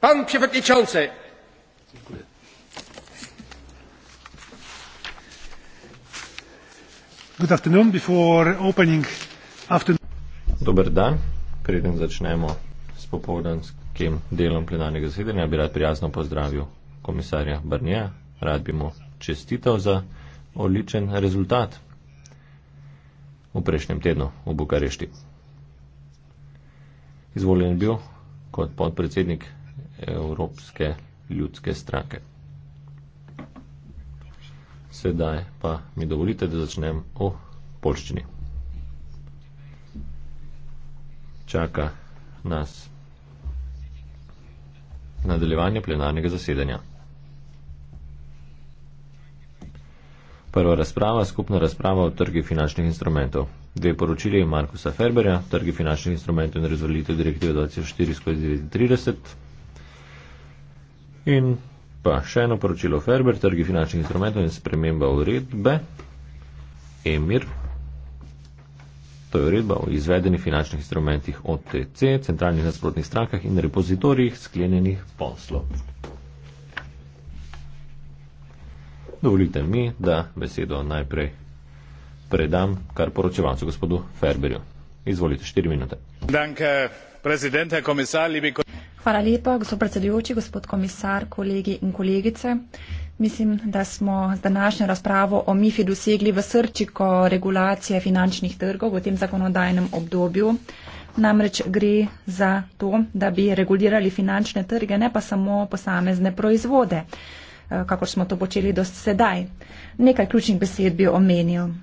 Pan przewodniczący. Dziękuję. Good afternoon before opening afternoon. Dobar dan. Preden začnemo s popoldanskim delom plenarnega zasedanja, bi rad prijazno pozdravil komisarja Barnija. Rad bi mu čestitev za odličen rezultat v prejšnjem tednu v Bukarešti. Izvoljen bil kot podpredsednik Evropske ljudske stranke. Sedaj pa mi dovolite, da začnem o polščini. Čaka nas nadaljevanje plenarnega zasedanja. Prva razprava, skupna razprava o trgi finančnih instrumentov. Dve poročili Markusa Ferberja, trgi finančnih instrumentov in rezolitev direktive 24 skozi 39. In pa še eno poročilo Ferber, trgi finančnih instrumentov in sprememba uredbe. Emir, to je uredba o izvedenih finančnih instrumentih OTC, centralnih nasprotnih strankah in repozitorijih sklenjenih poslov. Dovolite mi, da besedo najprej predam kar poročevalcu gospodu Ferberju. Izvolite štiri minute. Danke, predsednik, komisar, libi kolegi. Hvala lepa, gospod predsedujoči, gospod komisar, kolegi in kolegice. Mislim, da smo z današnjo razpravo o MIFI dosegli v srčiko regulacije finančnih trgov v tem zakonodajnem obdobju. Namreč gre za to, da bi regulirali finančne trge, ne pa samo posamezne proizvode, eh, kakor smo to počeli do sedaj. Nekaj ključnih besed bi omenil.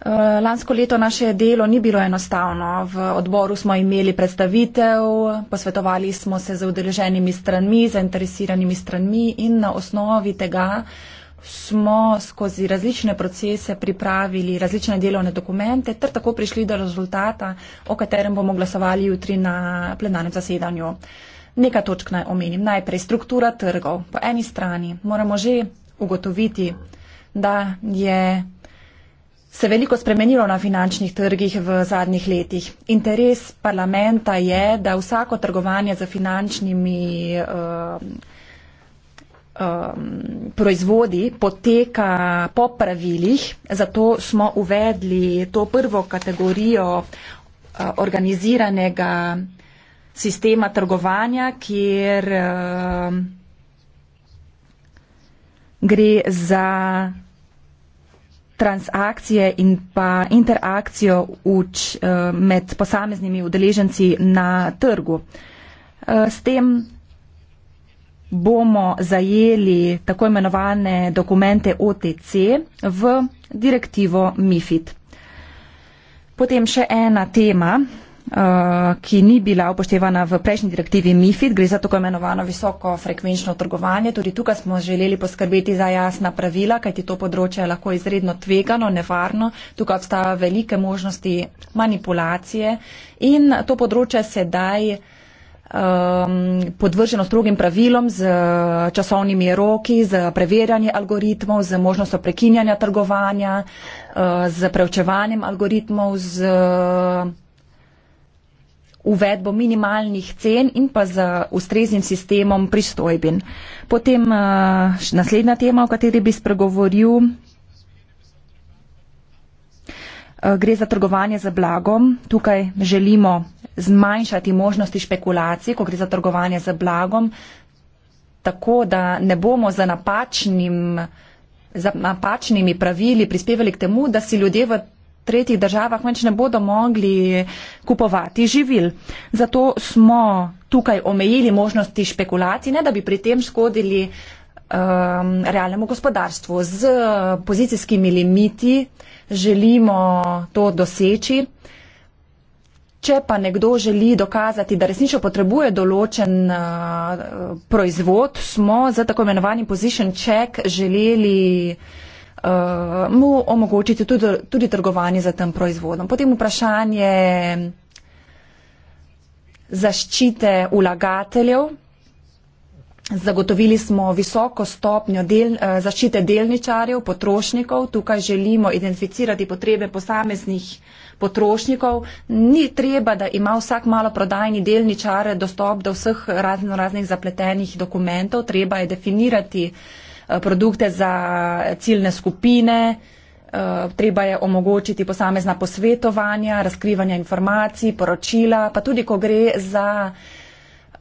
Eh, lansko leto naše delo ni bilo enostavno. V odboru smo imeli predstavitev, posvetovali smo se z udeleženimi stranmi, zainteresiranimi stranmi in na osnovi tega smo skozi različne procese pripravili različne delovne dokumente ter tako prišli do rezultata, o katerem bomo glasovali jutri na plenarnem zasedanju. Neka točk naj omenim. Najprej struktura trgov. Po eni strani moramo že ugotoviti, da je se veliko spremenilo na finančnih trgih v zadnjih letih. Interes parlamenta je, da vsako trgovanje z finančnimi um, um, proizvodi poteka po pravilih, zato smo uvedli to prvo kategorijo uh, organiziranega sistema trgovanja, kjer uh, gre za transakcije in pa interakcijo uč eh, med posameznimi udeleženci na trgu. Eh, s tem bomo zajeli tako imenovane dokumente OTC v direktivo MIFID. Potem še ena tema, Eh, ki ni bila upoštevana v prejšnji direktivi MIFID, gre za tako imenovano visoko frekvenčno trgovanje. Tudi tukaj smo želeli poskrbeti za jasna pravila, kajti to področje je lahko izredno tvegano, nevarno. Tukaj obstaja velike možnosti manipulacije in to področje sedaj ehm, podvrženo strogim pravilom z eh, časovnimi roki, z preverjanje algoritmov, z možnostjo prekinjanja trgovanja, eh, z preučevanjem algoritmov, z uvedbo minimalnih cen in pa z ustreznim sistemom pristojbin. Potem eh, naslednja tema, o kateri bi spregovoril, eh, gre za trgovanje z blagom. Tukaj želimo zmanjšati možnosti špekulacij, ko gre za trgovanje z blagom, tako da ne bomo za napačnim, za napačnimi pravili prispevali k temu, da si ljudje v tretjih državah več ne bodo mogli kupovati živil. Zato smo tukaj omejili možnosti špekulacij, ne da bi pri tem škodili um, realnemu gospodarstvu. Z pozicijskimi limiti želimo to doseči. Če pa nekdo želi dokazati, da resnično potrebuje določen uh, proizvod, smo za tako imenovani position check želeli uh, uh, mu omogočiti tudi, tudi trgovanje za tem proizvodom. Potem vprašanje zaščite ulagateljev. Zagotovili smo visoko stopnjo del, eh, zaščite delničarjev, potrošnikov. Tukaj želimo identificirati potrebe posameznih potrošnikov. Ni treba, da ima vsak malo prodajni delničar dostop do vseh raznoraznih zapletenih dokumentov. Treba je definirati uh, Eh, produkte za ciljne skupine, eh, treba je omogočiti posamezna posvetovanja, razkrivanja informacij, poročila, pa tudi, ko gre za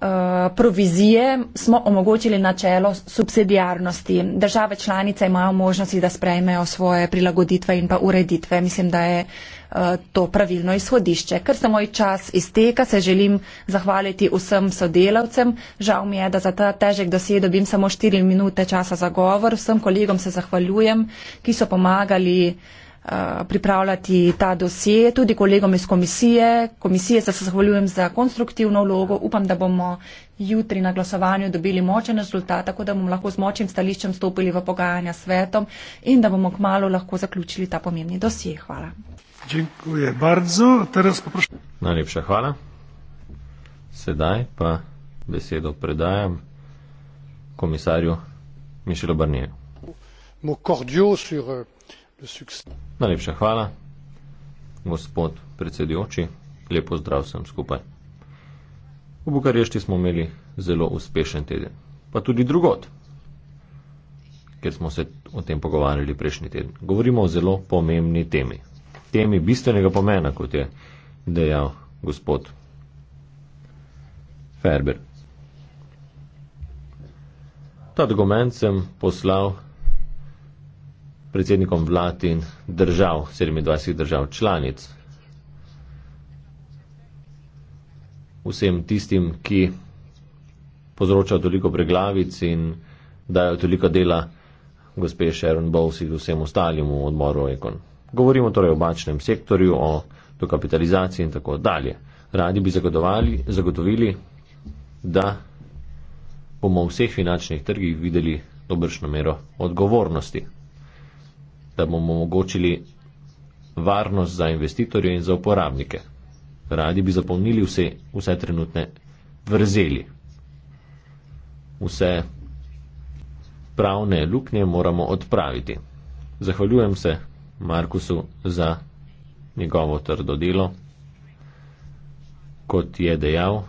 Eh, provizije smo omogočili načelo subsidijarnosti. Države članice imajo možnosti, da sprejmejo svoje prilagoditve in pa ureditve. Mislim, da je eh, to pravilno izhodišče. Ker se moj čas izteka, se želim zahvaliti vsem sodelavcem. Žal mi je, da za ta težek dosed dobim samo 4 minute časa za govor. Vsem kolegom se zahvaljujem, ki so pomagali Eh, pripravljati ta dosje, tudi kolegom iz komisije. Komisije se zahvaljujem za konstruktivno vlogo. Upam, da bomo jutri na glasovanju dobili močen rezultat, tako da bomo lahko z močnim stališčem stopili v pogajanja s svetom in da bomo kmalo lahko zaključili ta pomembni dosje. Hvala. Najlepša hvala. Sedaj pa besedo predajam komisarju Mišelu Barnijevu. Najlepša hvala, gospod predsedujoči, lepo zdrav vsem skupaj. V Bukarešti smo imeli zelo uspešen teden, pa tudi drugot, ker smo se o tem pogovarjali prejšnji teden. Govorimo o zelo pomembni temi, temi bistvenega pomena, kot je dejal gospod Ferber. Ta dokument sem poslal predsednikom vlad in držav, 27 držav članic. Vsem tistim, ki povzročajo toliko preglavic in dajo toliko dela, gospe Sharon Bowles in vsem ostalim v odboru Ekon. Govorimo torej o bačnem sektorju, o dokapitalizaciji in tako dalje. Radi bi zagotovili, zagotovili da bomo v vseh finančnih trgih videli dobršno mero odgovornosti da bomo omogočili varnost za investitorje in za uporabnike. Radi bi zapolnili vse, vse trenutne vrzeli. Vse pravne luknje moramo odpraviti. Zahvaljujem se Markusu za njegovo trdo delo. Kot je dejal,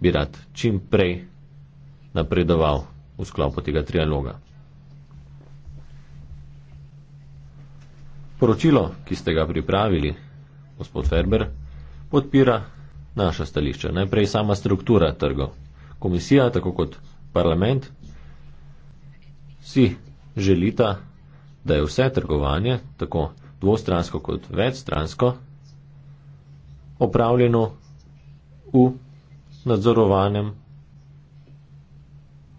bi rad čim prej napredoval v sklopu tega trialoga. Poročilo, ki ste ga pripravili, gospod Ferber, podpira naša stališča. Najprej sama struktura trgov. Komisija, tako kot parlament, si želita, da je vse trgovanje, tako dvostransko kot večstransko, opravljeno v nadzorovanem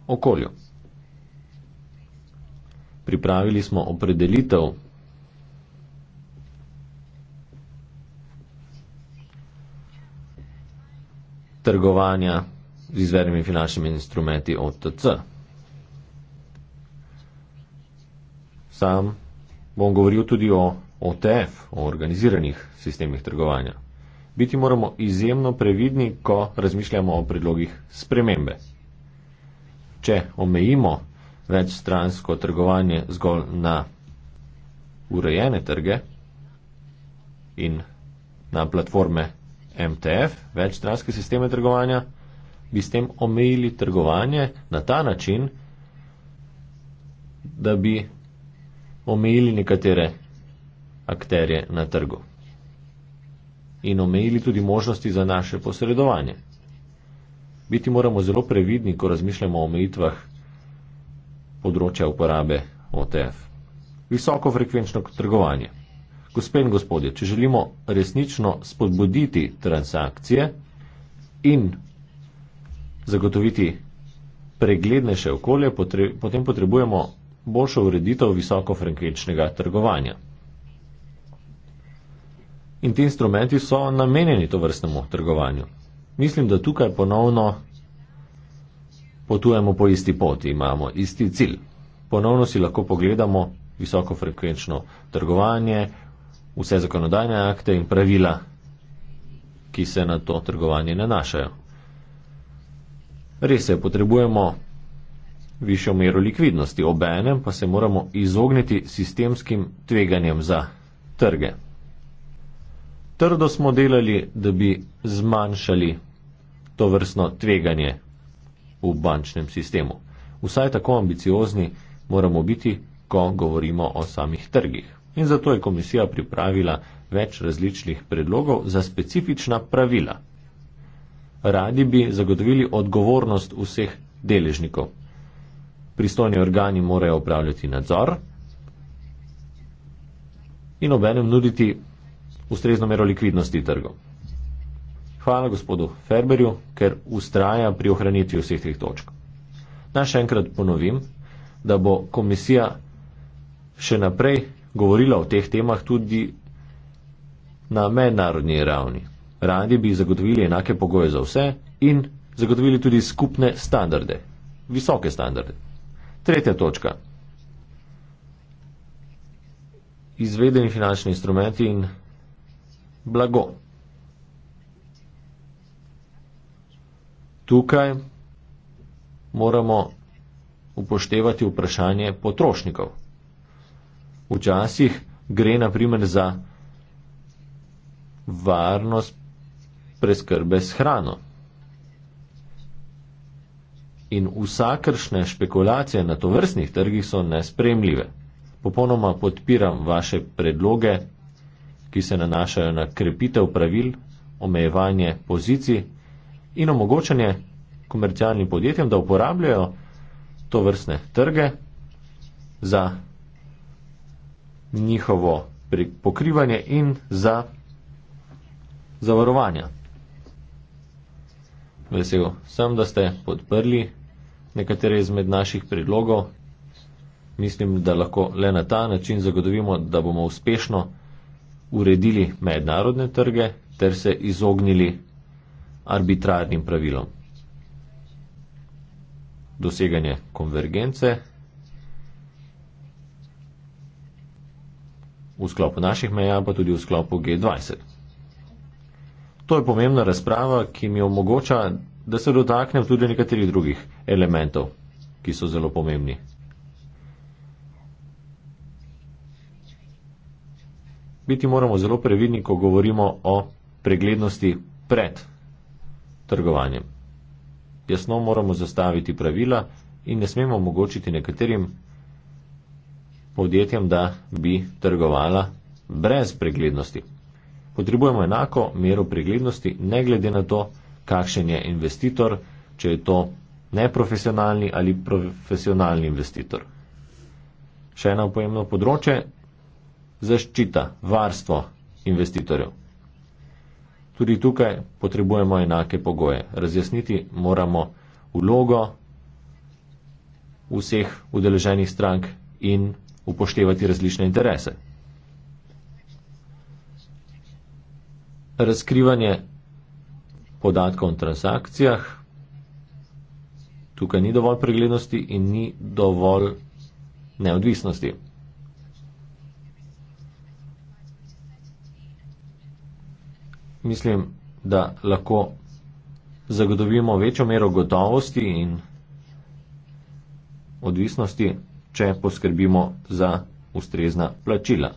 okolju. Pripravili smo opredelitev trgovanja z izvernimi finančnimi instrumenti OTC. Sam bom govoril tudi o OTF, o organiziranih sistemih trgovanja. Biti moramo izjemno previdni, ko razmišljamo o predlogih spremembe. Če omejimo večstransko trgovanje zgolj na urejene trge in na platforme MTF, večstranske sisteme trgovanja, bi s tem omejili trgovanje na ta način, da bi omejili nekatere akterje na trgu in omejili tudi možnosti za naše posredovanje. Biti moramo zelo previdni, ko razmišljamo o omejitvah področja uporabe OTF. Visokofrekvenčno trgovanje. Gospe in gospodje, če želimo resnično spodbuditi transakcije in zagotoviti preglednejše okolje, potem potrebujemo boljšo ureditev visokofrekvenčnega trgovanja. In ti instrumenti so namenjeni to vrstnemu trgovanju. Mislim, da tukaj ponovno potujemo po isti poti, imamo isti cilj. Ponovno si lahko pogledamo visokofrekvenčno trgovanje, vse zakonodajne akte in pravila, ki se na to trgovanje nanašajo. Res je, potrebujemo višjo mero likvidnosti, obenem pa se moramo izogniti sistemskim tveganjem za trge. Trdo smo delali, da bi zmanjšali to vrstno tveganje v bančnem sistemu. Vsaj tako ambiciozni moramo biti, ko govorimo o samih trgih in zato je komisija pripravila več različnih predlogov za specifična pravila. Radi bi zagotovili odgovornost vseh deležnikov. Pristojni organi morajo upravljati nadzor in obenem nuditi ustrezno mero likvidnosti trgov. Hvala gospodu Ferberju, ker ustraja pri ohranitvi vseh teh točk. Naj še enkrat ponovim, da bo komisija še naprej govorila o teh temah tudi na mednarodni ravni. Radi bi zagotovili enake pogoje za vse in zagotovili tudi skupne standarde, visoke standarde. Tretja točka. Izvedeni finančni instrumenti in blago. Tukaj moramo upoštevati vprašanje potrošnikov. Včasih gre naprimer za varnost preskrbe s hrano. In vsakršne špekulacije na to vrstnih trgih so nespremljive. Popolnoma podpiram vaše predloge, ki se nanašajo na krepitev pravil, omejevanje pozicij in omogočanje komercialnim podjetjem, da uporabljajo to vrstne trge za njihovo pokrivanje in za zavarovanja. Vesel sem, da ste podprli nekatere izmed naših predlogov. Mislim, da lahko le na ta način zagotovimo, da bomo uspešno uredili mednarodne trge ter se izognili arbitrarnim pravilom. Doseganje konvergence v sklopu naših meja, pa tudi v sklopu G20. To je pomembna razprava, ki mi omogoča, da se dotaknem tudi nekaterih drugih elementov, ki so zelo pomembni. Biti moramo zelo previdni, ko govorimo o preglednosti pred trgovanjem. Jasno moramo zastaviti pravila in ne smemo omogočiti nekaterim podjetjem, da bi trgovala brez preglednosti. Potrebujemo enako mero preglednosti, ne glede na to, kakšen je investitor, če je to neprofesionalni ali profesionalni investitor. Še eno pojemno področje - zaščita, varstvo investitorjev. Tudi tukaj potrebujemo enake pogoje. Razjasniti moramo vlogo vseh udeleženih strank in upoštevati različne interese. Razkrivanje podatkov o transakcijah. Tukaj ni dovolj preglednosti in ni dovolj neodvisnosti. Mislim, da lahko zagotovimo večjo mero gotovosti in odvisnosti če poskrbimo za ustrezna plačila.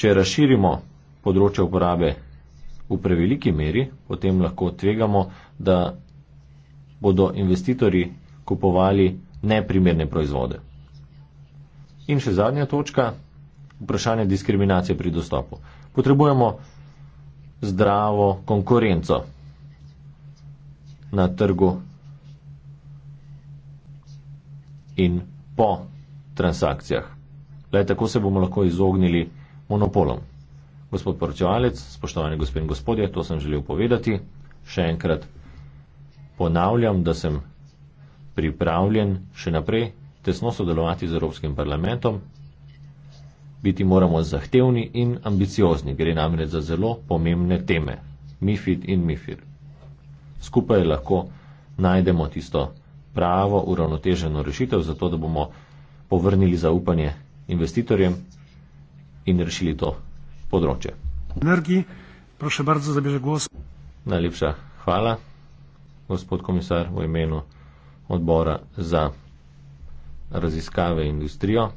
Če razširimo področje uporabe v preveliki meri, potem lahko tvegamo, da bodo investitorji kupovali neprimerne proizvode. In še zadnja točka, vprašanje diskriminacije pri dostopu. Potrebujemo zdravo konkurenco na trgu in po transakcijah. Le tako se bomo lahko izognili monopolom. Gospod poročevalec, spoštovani gospod in gospodje, to sem želel povedati. Še enkrat ponavljam, da sem pripravljen še naprej tesno sodelovati z Evropskim parlamentom. Biti moramo zahtevni in ambiciozni, gre namreč za zelo pomembne teme. MIFID in MIFIR skupaj lahko najdemo tisto pravo, uravnoteženo rešitev, zato da bomo povrnili zaupanje investitorjem in rešili to področje. Energiji, prosim, bardzo za bežeg gost. Najlepša hvala, gospod komisar, v imenu odbora za raziskave industrijo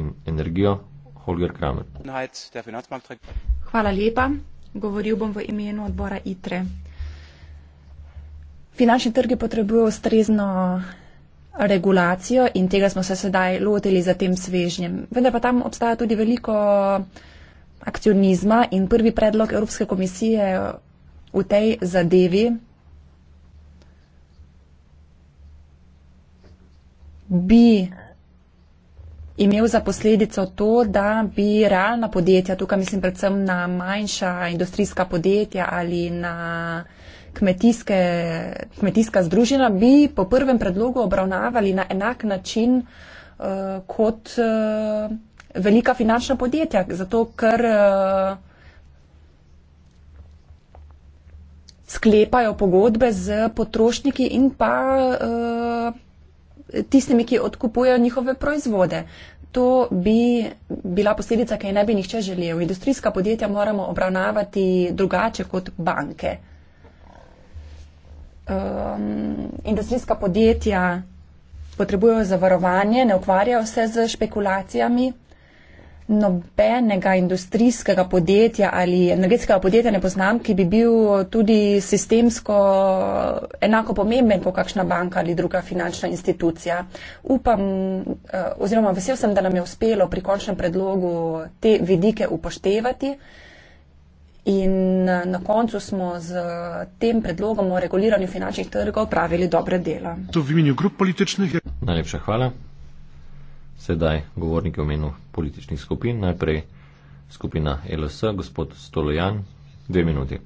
in energijo Holger Kramer. Hvala lepa, govoril bom v imenu odbora ITRE. Finančni trgi potrebujejo ustrezno regulacijo in tega smo se sedaj lotili za tem svežnjem. Vendar pa tam obstaja tudi veliko akcionizma in prvi predlog Evropske komisije v tej zadevi bi imel za posledico to, da bi realna podjetja, tukaj mislim predvsem na manjša industrijska podjetja ali na kmetijske, kmetijska združina, bi po prvem predlogu obravnavali na enak način uh, kot uh, velika finančna podjetja, zato ker uh, sklepajo pogodbe z potrošniki in pa uh, tistimi, ki odkupujejo njihove proizvode. To bi bila posledica, ki je ne bi nihče želel. Industrijska podjetja moramo obravnavati drugače kot banke um, industrijska podjetja potrebujejo zavarovanje, ne ukvarjajo se z špekulacijami. Nobenega industrijskega podjetja ali energetskega podjetja ne poznam, ki bi bil tudi sistemsko enako pomemben kot kakšna banka ali druga finančna institucija. Upam eh, oziroma vesel sem, da nam je uspelo pri končnem predlogu te vidike upoštevati. In eh, na koncu smo z tem predlogom o reguliranju finančnih trgov pravili dobre dela. To v imenu grup političnih. Najlepša hvala. Sedaj govornik je v imenu političnih skupin. Najprej skupina LS, gospod Stolojan. Dve minuti.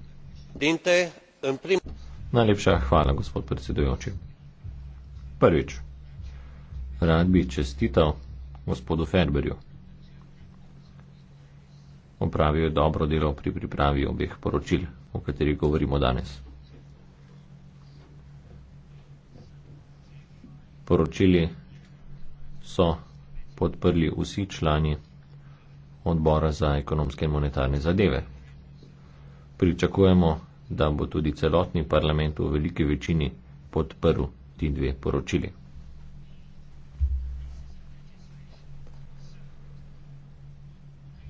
Dente, prim... Najlepša hvala, gospod predsedujoči. Prvič. Rad bi čestital gospodu Ferberju opravijo dobro delo pri pripravi obeh poročil, o katerih govorimo danes. Poročili so podprli vsi člani odbora za ekonomske in monetarne zadeve. Pričakujemo, da bo tudi celotni parlament v veliki večini podprl ti dve poročili.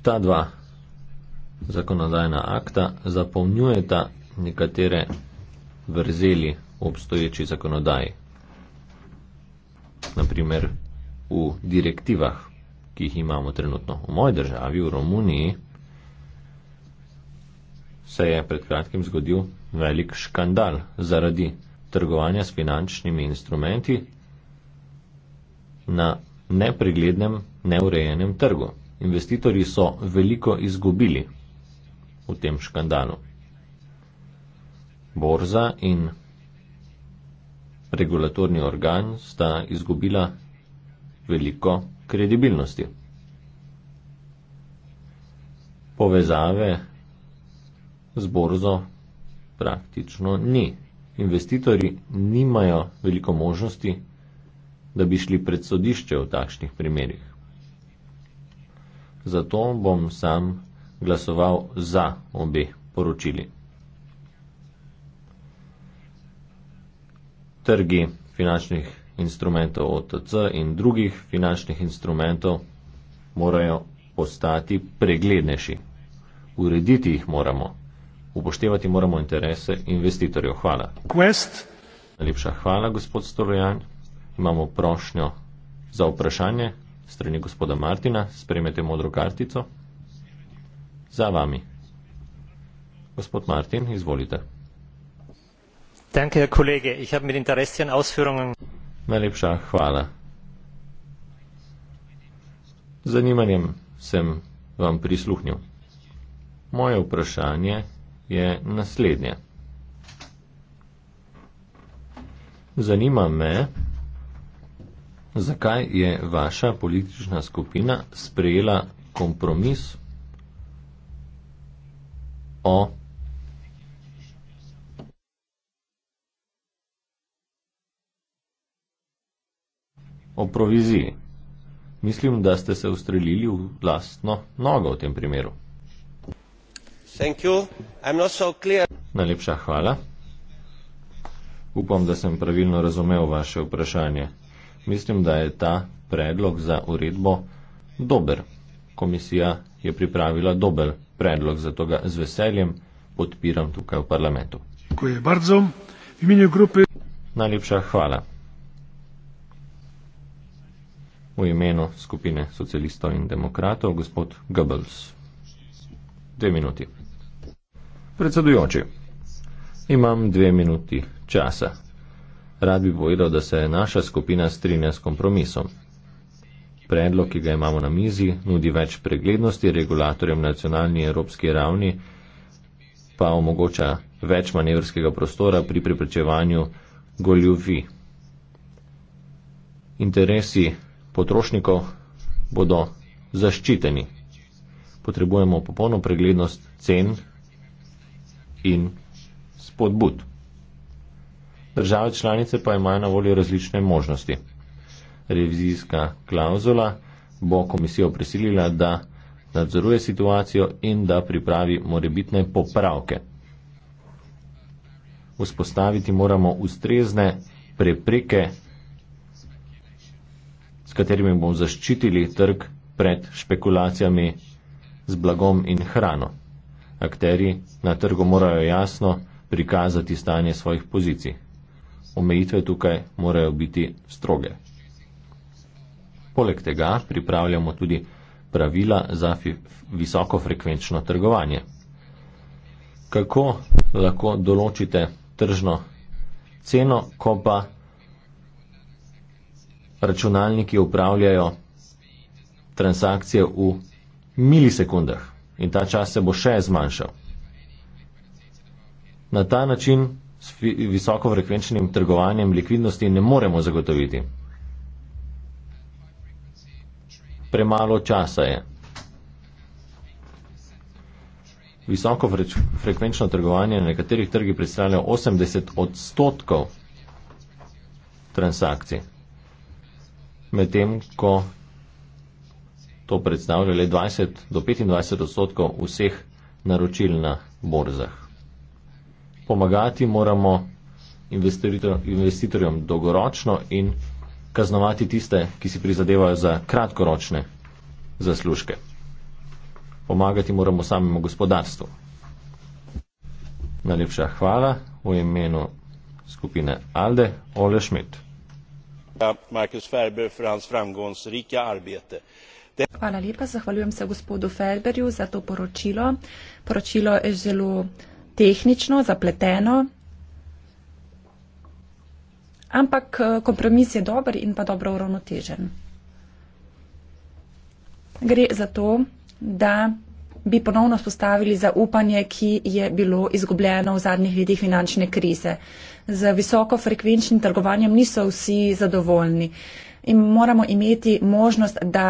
Ta dva zakonodajna akta zapolnjujeta nekatere vrzeli obstoječi zakonodaji. Naprimer v direktivah, ki jih imamo trenutno v moji državi, v Romuniji, se je pred kratkim zgodil velik škandal zaradi trgovanja s finančnimi instrumenti na nepreglednem, neurejenem trgu. Investitorji so veliko izgubili v tem škandalu. Borza in regulatorni organ sta izgubila veliko kredibilnosti. Povezave z borzo praktično ni. Investitori nimajo veliko možnosti, da bi šli pred sodišče v takšnih primerih. Zato bom sam glasoval za obe poročili. Trgi finančnih instrumentov OTC in drugih finančnih instrumentov morajo postati preglednejši. Urediti jih moramo. Upoštevati moramo interese investitorjev. Hvala. Quest. Najlepša hvala, gospod Storojan. Imamo prošnjo za vprašanje strani gospoda Martina. Spremete modro kartico za vami. Gospod Martin, izvolite. Danke, kolege. Ich habe mit Interesse an Ausführungen. Najlepša hvala. Zanimanjem sem vam prisluhnil. Moje vprašanje je naslednje. Zanima me, zakaj je vaša politična skupina sprejela kompromis o o proviziji. Mislim, da ste se ustrelili v lastno nogo v tem primeru. Thank you. I'm not so clear. Najlepša hvala. Upam, da sem pravilno razumel vaše vprašanje. Mislim, da je ta predlog za uredbo dober. Komisija je pripravila dober predlog, zato ga z veseljem podpiram tukaj v parlamentu. Najlepša hvala. V imenu skupine socialistov in demokratov, gospod Goebbels. Dve minuti. Predsedujoči, imam dve minuti časa. Rad bi povedal, da se naša skupina strinja s kompromisom. Predlog, ki ga imamo na mizi, nudi več preglednosti regulatorjem na nacionalni in evropski ravni, pa omogoča več manevrskega prostora pri preprečevanju goljufi. Interesi potrošnikov bodo zaščiteni. Potrebujemo popolno preglednost cen in spodbud. Države članice pa imajo na voljo različne možnosti revizijska klauzula, bo komisijo prisilila, da nadzoruje situacijo in da pripravi morebitne popravke. Vzpostaviti moramo ustrezne prepreke, s katerimi bomo zaščitili trg pred špekulacijami z blagom in hrano. Akteri na trgu morajo jasno prikazati stanje svojih pozicij. Omejitve tukaj morajo biti stroge. Poleg tega pripravljamo tudi pravila za visokofrekvenčno trgovanje. Kako lahko določite tržno ceno, ko pa računalniki upravljajo transakcije v milisekundah in ta čas se bo še zmanjšal. Na ta način s visokofrekvenčnim trgovanjem likvidnosti ne moremo zagotoviti. premalo časa je. Visoko fre frekvenčno trgovanje na nekaterih trgih predstavlja 80 odstotkov transakcij, medtem ko to predstavlja le 20 do 25 odstotkov vseh naročil na borzah. Pomagati moramo investitorjem dolgoročno in kaznovati tiste, ki si prizadevajo za kratkoročne zaslužke. Pomagati moramo samemu gospodarstvu. Najlepša hvala v imenu skupine Alde Ole Schmidt. Ja, Markus Ferber, Franz Framgons, Rika Arbete. Hvala lepa, zahvaljujem se gospodu Felberju za to poročilo. Poročilo je zelo tehnično, zapleteno, Ampak eh, kompromis je dober in pa dobro uravnotežen. Gre za to, da bi ponovno spostavili zaupanje, ki je bilo izgubljeno v zadnjih letih finančne krize. Z visokofrekvenčnim trgovanjem niso vsi zadovoljni in moramo imeti možnost, da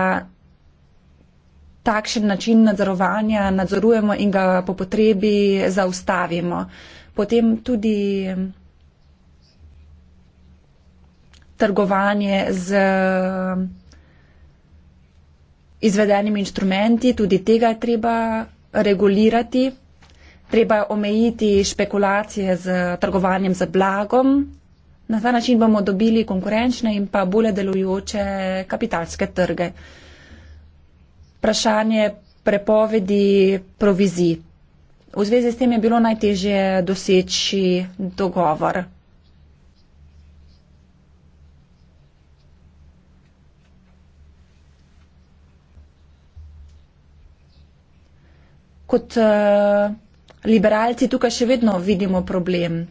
takšen način nadzorovanja nadzorujemo in ga po potrebi zaustavimo. Potem tudi trgovanje z izvedenimi inštrumenti, tudi tega je treba regulirati. Treba je omejiti špekulacije z trgovanjem z blagom. Na ta način bomo dobili konkurenčne in pa bolje delujoče kapitalske trge. Vprašanje prepovedi provizij. V zvezi s tem je bilo najtežje doseči dogovor. kot uh, liberalci tukaj še vedno vidimo problem.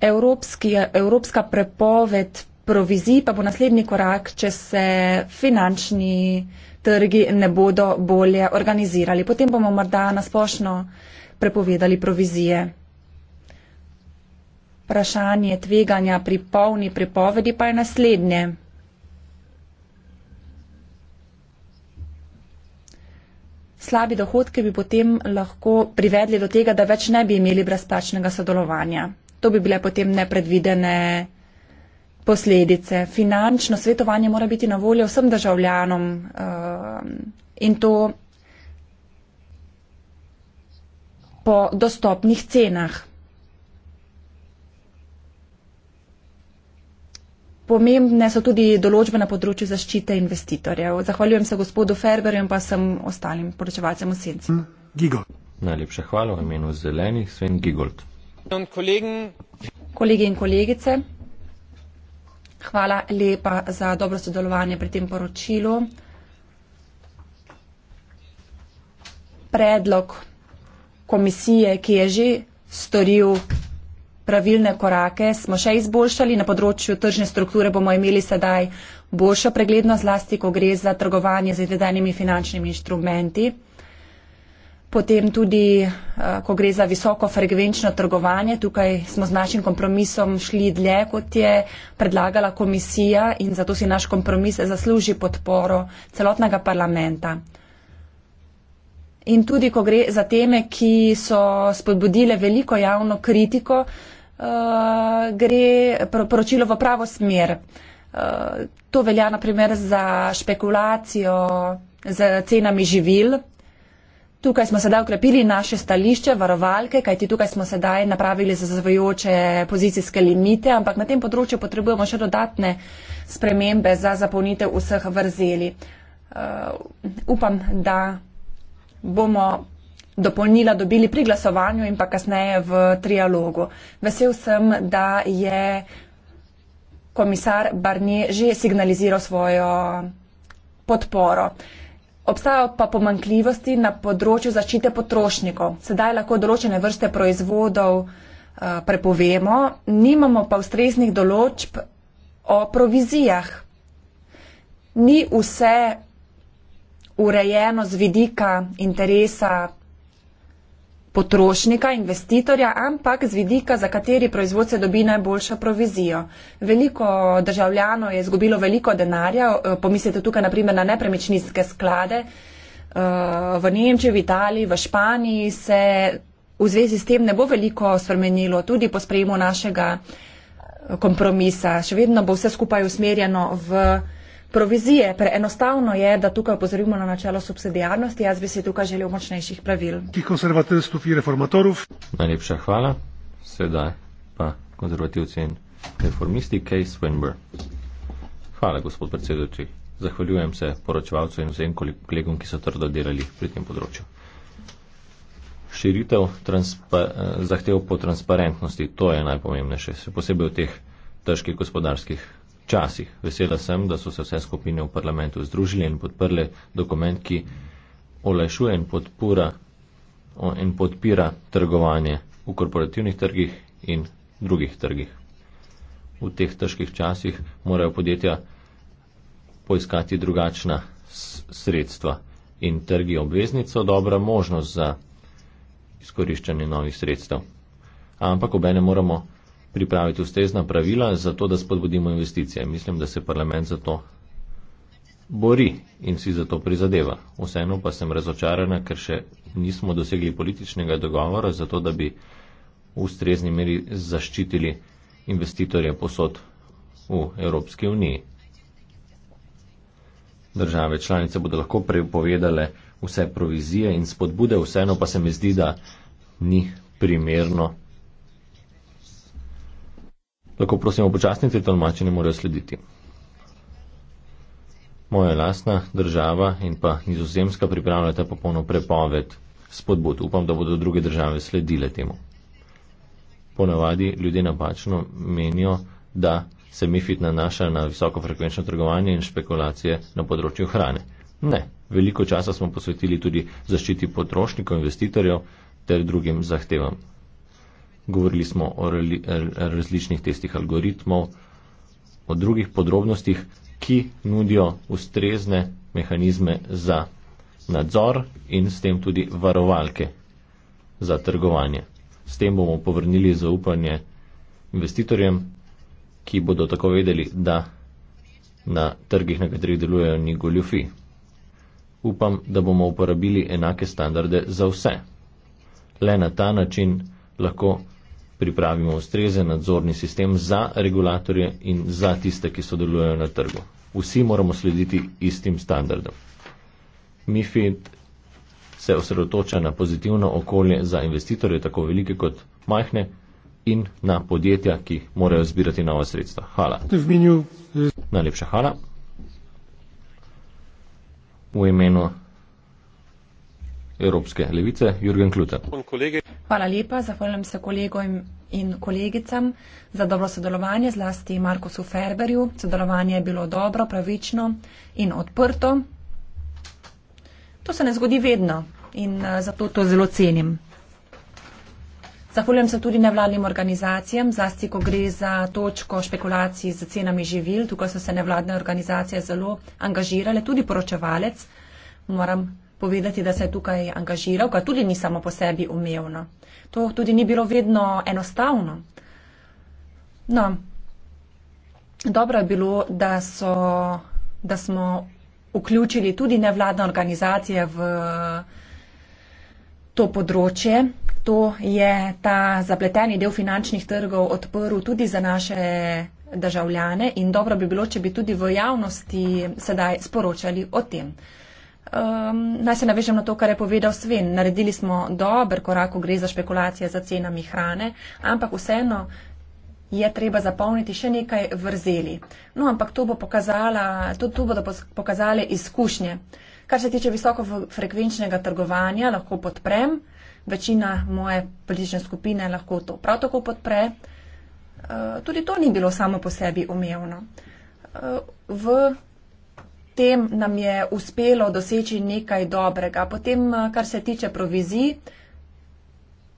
Evropski, evropska prepoved provizij pa bo naslednji korak, če se finančni trgi ne bodo bolje organizirali. Potem bomo morda nasplošno prepovedali provizije. Vprašanje tveganja pri polni prepovedi pa je naslednje. slabi dohodki bi potem lahko privedli do tega, da več ne bi imeli brezplačnega sodelovanja. To bi bile potem nepredvidene posledice. Finančno svetovanje mora biti na voljo vsem državljanom uh, in to po dostopnih cenah. pomembne so tudi določbe na področju zaščite investitorjev. Zahvaljujem se gospodu Ferberju in pa sem ostalim poročevalcem v senci. Mm, Gigo. Najlepša hvala v imenu zelenih, Sven Gigolt. Kolegi in kolegice, hvala lepa za dobro sodelovanje pri tem poročilu. Predlog komisije, ki je že storil pravilne korake, smo še izboljšali. Na področju tržne strukture bomo imeli sedaj boljšo preglednost, zlasti, ko gre za trgovanje z izvedenimi finančnimi inštrumenti. Potem tudi, eh, ko gre za visoko frekvenčno trgovanje, tukaj smo z našim kompromisom šli dlje, kot je predlagala komisija in zato si naš kompromis zasluži podporo celotnega parlamenta. In tudi, ko gre za teme, ki so spodbudile veliko javno kritiko, eh, gre poročilo v pravo smer. Eh, to velja naprimer za špekulacijo z cenami živil. Tukaj smo sedaj ukrepili naše stališče, varovalke, kajti tukaj smo sedaj napravili zazvojoče pozicijske limite, ampak na tem področju potrebujemo še dodatne spremembe za zapolnitev vseh vrzeli. Uh, upam, da bomo dopolnila dobili pri glasovanju in pa kasneje v trialogu. Vesel sem, da je komisar Barnier že signaliziral svojo podporo. Obstajajo pa pomankljivosti na področju zaščite potrošnikov. Sedaj lahko določene vrste proizvodov eh, prepovemo, nimamo pa ustreznih določb o provizijah. Ni vse urejeno z vidika interesa potrošnika, investitorja, ampak z vidika, za kateri proizvod se dobi najboljšo provizijo. Veliko državljanov je izgubilo veliko denarja, eh, pomislite tukaj naprimer na nepremičninske sklade, eh, v Nemčiji, v Italiji, v Španiji se v zvezi s tem ne bo veliko spremenilo, tudi po sprejemu našega eh, kompromisa. Še vedno bo vse skupaj usmerjeno v provizije. Preenostavno je, da tukaj opozorimo na načelo subsidijarnosti. Jaz bi si tukaj želel močnejših pravil. Ti konservativci in reformatorov. Najlepša hvala. Sedaj pa konzervativci in reformisti Kej Swinburne. Hvala, gospod predsedujoči. Zahvaljujem se poročevalcu in vsem kolegom, ki so trdo delali pri tem področju. Širitev zahtev po transparentnosti, to je najpomembnejše, še posebej v teh težkih gospodarskih časih. Vesela sem, da so se vse skupine v parlamentu združili in podprle dokument, ki olajšuje in, podpura, in podpira trgovanje v korporativnih trgih in drugih trgih. V teh težkih časih morajo podjetja poiskati drugačna sredstva in trgi obveznic so dobra možnost za izkoriščanje novih sredstev. Ampak obene moramo pripraviti ustrezna pravila za to, da spodbudimo investicije. Mislim, da se parlament za to bori in si za to prizadeva. Vseeno pa sem razočarana, ker še nismo dosegli političnega dogovora za to, da bi v ustrezni meri zaščitili investitorje posod v Evropski uniji. Države članice bodo lahko prepovedale vse provizije in spodbude, vseeno pa se mi zdi, da ni primerno Lahko prosim upočasnite, tolmači ne morejo slediti. Moja lasna država in pa nizozemska pripravljata popolno prepoved spodbud. Upam, da bodo druge države sledile temu. Ponavadi ljudje napačno menijo, da se MIFID nanaša na visokofrekvenčno trgovanje in špekulacije na področju hrane. Ne, veliko časa smo posvetili tudi zaščiti potrošnikov, investitorjev ter drugim zahtevam govorili smo o različnih testih algoritmov, o drugih podrobnostih, ki nudijo ustrezne mehanizme za nadzor in s tem tudi varovalke za trgovanje. S tem bomo povrnili zaupanje investitorjem, ki bodo tako vedeli, da na trgih, na katerih delujejo, ni goljufi. Upam, da bomo uporabili enake standarde za vse. Le na ta način lahko pripravimo ustrezen nadzorni sistem za regulatorje in za tiste, ki sodelujejo na trgu. Vsi moramo slediti istim standardom. MIFID se osredotoča na pozitivno okolje za investitorje, tako velike kot majhne, in na podjetja, ki morajo zbirati nova sredstva. Hvala. Najlepša hvala. V imenu Evropske levice Jurgen Klute. Hvala lepa, zahvaljujem se kolegom in kolegicam za dobro sodelovanje, zlasti Markusu Ferberju. Sodelovanje je bilo dobro, pravično in odprto. To se ne zgodi vedno in eh, zato to zelo cenim. Zahvaljujem se tudi nevladnim organizacijam, zlasti ko gre za točko špekulacij z cenami živil. Tukaj so se nevladne organizacije zelo angažirale, tudi poročevalec. Moram povedati, da se je tukaj angažiral, kar tudi ni samo po sebi umevno. To tudi ni bilo vedno enostavno. No, dobro je bilo, da, so, da smo vključili tudi nevladne organizacije v to področje. To je ta zapleteni del finančnih trgov odprl tudi za naše državljane in dobro bi bilo, če bi tudi v javnosti sedaj sporočali o tem. Um, naj se navežem na to, kar je povedal Sven. Naredili smo dober korak, ko gre za špekulacije za cenami hrane, ampak vseeno je treba zapolniti še nekaj vrzeli. No, ampak to, bo pokazala, to, to bodo pokazale izkušnje. Kar se tiče visokofrekvenčnega trgovanja, lahko podprem. Večina moje politične skupine lahko to prav tako podpre. Uh, tudi to ni bilo samo po sebi umevno. Uh, tem nam je uspelo doseči nekaj dobrega. Potem, eh, kar se tiče provizij,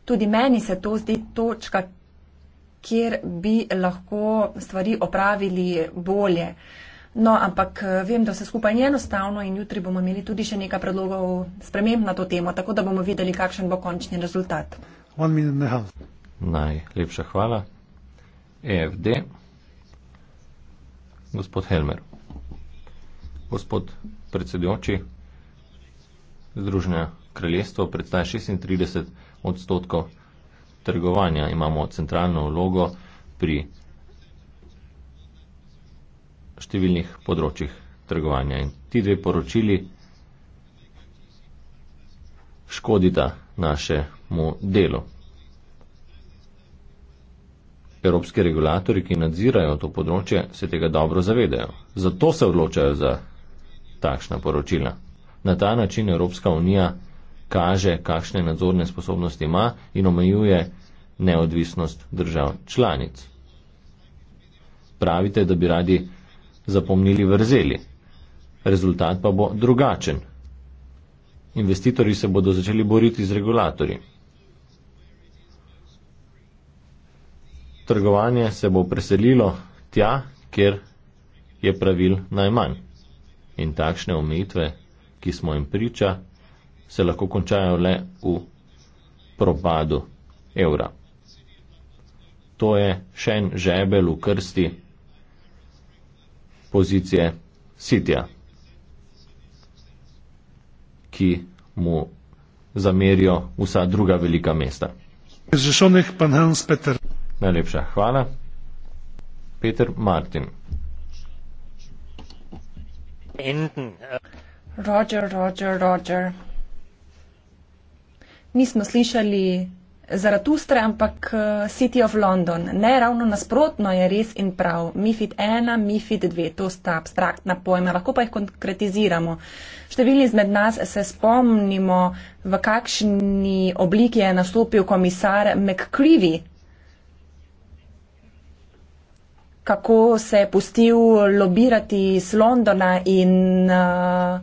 tudi meni se to zdi točka, kjer bi lahko stvari opravili bolje. No, ampak eh, vem, da vse skupaj ni enostavno in jutri bomo imeli tudi še nekaj predlogov sprememb na to temo, tako da bomo videli, kakšen bo končni rezultat. Najlepša hvala. EFD. Gospod Helmer. Gospod predsedujoči, Združenje kraljestvo predstavlja 36 odstotkov trgovanja. Imamo centralno vlogo pri številnih področjih trgovanja. In ti dve poročili škodita našemu delu. Evropski regulatori, ki nadzirajo to področje, se tega dobro zavedajo. Zato se odločajo za takšna poročila. Na ta način Evropska unija kaže, kakšne nadzorne sposobnosti ima in omejuje neodvisnost držav članic. Pravite, da bi radi zapomnili vrzeli. Rezultat pa bo drugačen. Investitorji se bodo začeli boriti z regulatorji. Trgovanje se bo preselilo tja, kjer je pravil najmanj in takšne omejitve, ki smo jim priča, se lahko končajo le v propadu evra. To je še en žebel v krsti pozicije sitja, ki mu zamerijo vsa druga velika mesta. Najlepša hvala. Peter Martin enden. Roger, Roger, Roger. Nismo slišali Zaratustra, ampak eh, City of London. Ne ravno nasprotno je res in prav. MIFID 1, MIFID 2, to sta abstraktna pojma, lahko pa jih konkretiziramo. Številni izmed nas se spomnimo, v kakšni obliki je nastopil komisar McCreevy kako se je pustil lobirati iz Londona in uh,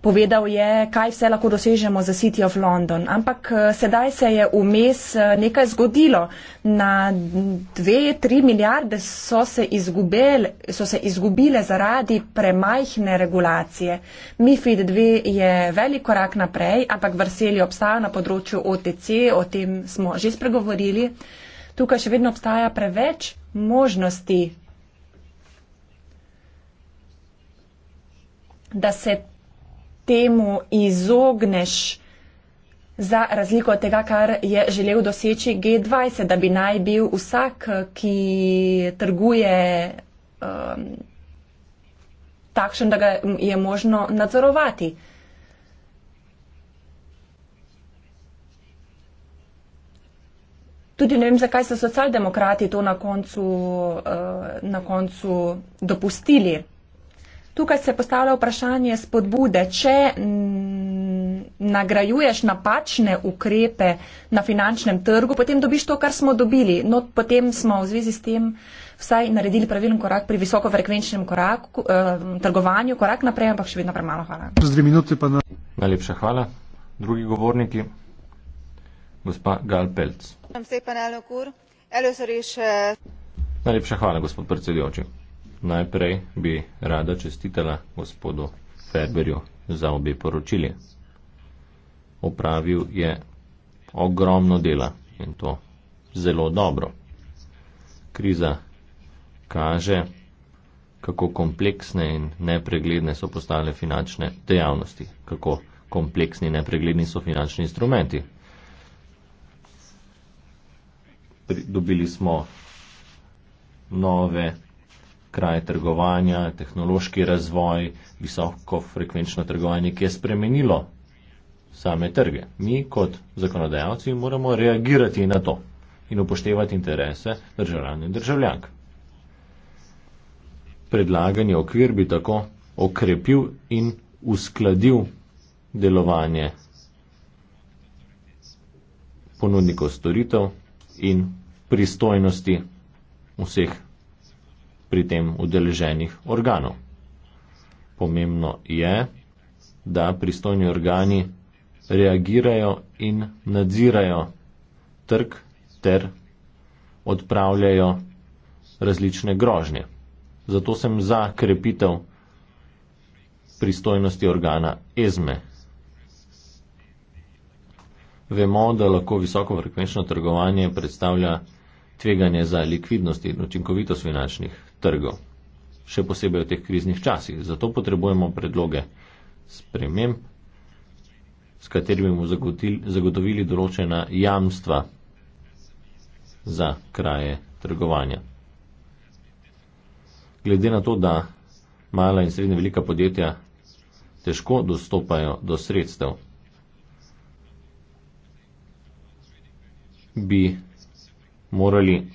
povedal je, kaj vse lahko dosežemo za City of London. Ampak uh, sedaj se je vmes uh, nekaj zgodilo. Na dve, tri milijarde so se, izgubel, so se izgubile zaradi premajhne regulacije. MIFID 2 je velik korak naprej, ampak vrseli obstajajo na področju OTC, o tem smo že spregovorili. Tukaj še vedno obstaja preveč možnosti, da se temu izogneš za razliko od tega, kar je želel doseči G20, da bi naj bil vsak, ki trguje um, takšen, da ga je možno nadzorovati. Tudi ne vem, zakaj so socialdemokrati to na koncu, eh, na koncu dopustili. Tukaj se postavlja vprašanje spodbude. Če mm, nagrajuješ napačne ukrepe na finančnem trgu, potem dobiš to, kar smo dobili. No, potem smo v zvezi s tem vsaj naredili pravilen korak pri visokofrekvenčnem koraku, eh, trgovanju, korak naprej, ampak še vedno premalo. Hvala. Najlepša hvala. Drugi govorniki. Gospa Galpelc. Eh, Najlepša hvala, gospod predsedujoči. Najprej bi rada čestitela gospodu Ferberju za obe poročili. Opravil je ogromno dela in to zelo dobro. Kriza kaže, kako kompleksne in nepregledne so postale finančne dejavnosti, kako kompleksni in nepregledni so finančni instrumenti, dobili smo nove kraje trgovanja, tehnološki razvoj, visokofrekvenčno trgovanje, ki je spremenilo same trge. Mi kot zakonodajalci moramo reagirati na to in upoštevati interese državljanov in državljank. Predlagani okvir bi tako okrepil in uskladil delovanje ponudnikov storitev in pristojnosti vseh pri tem udeleženih organov. Pomembno je, da pristojni organi reagirajo in nadzirajo trg ter odpravljajo različne grožnje. Zato sem za krepitev pristojnosti organa ESME, Vemo, da lahko visokofrekvenčno trgovanje predstavlja tveganje za likvidnost in učinkovitost finančnih trgov, še posebej v teh kriznih časih. Zato potrebujemo predloge sprememb, s katerimi bomo zagotovili določena jamstva za kraje trgovanja. Glede na to, da mala in srednje velika podjetja težko dostopajo do sredstev bi morali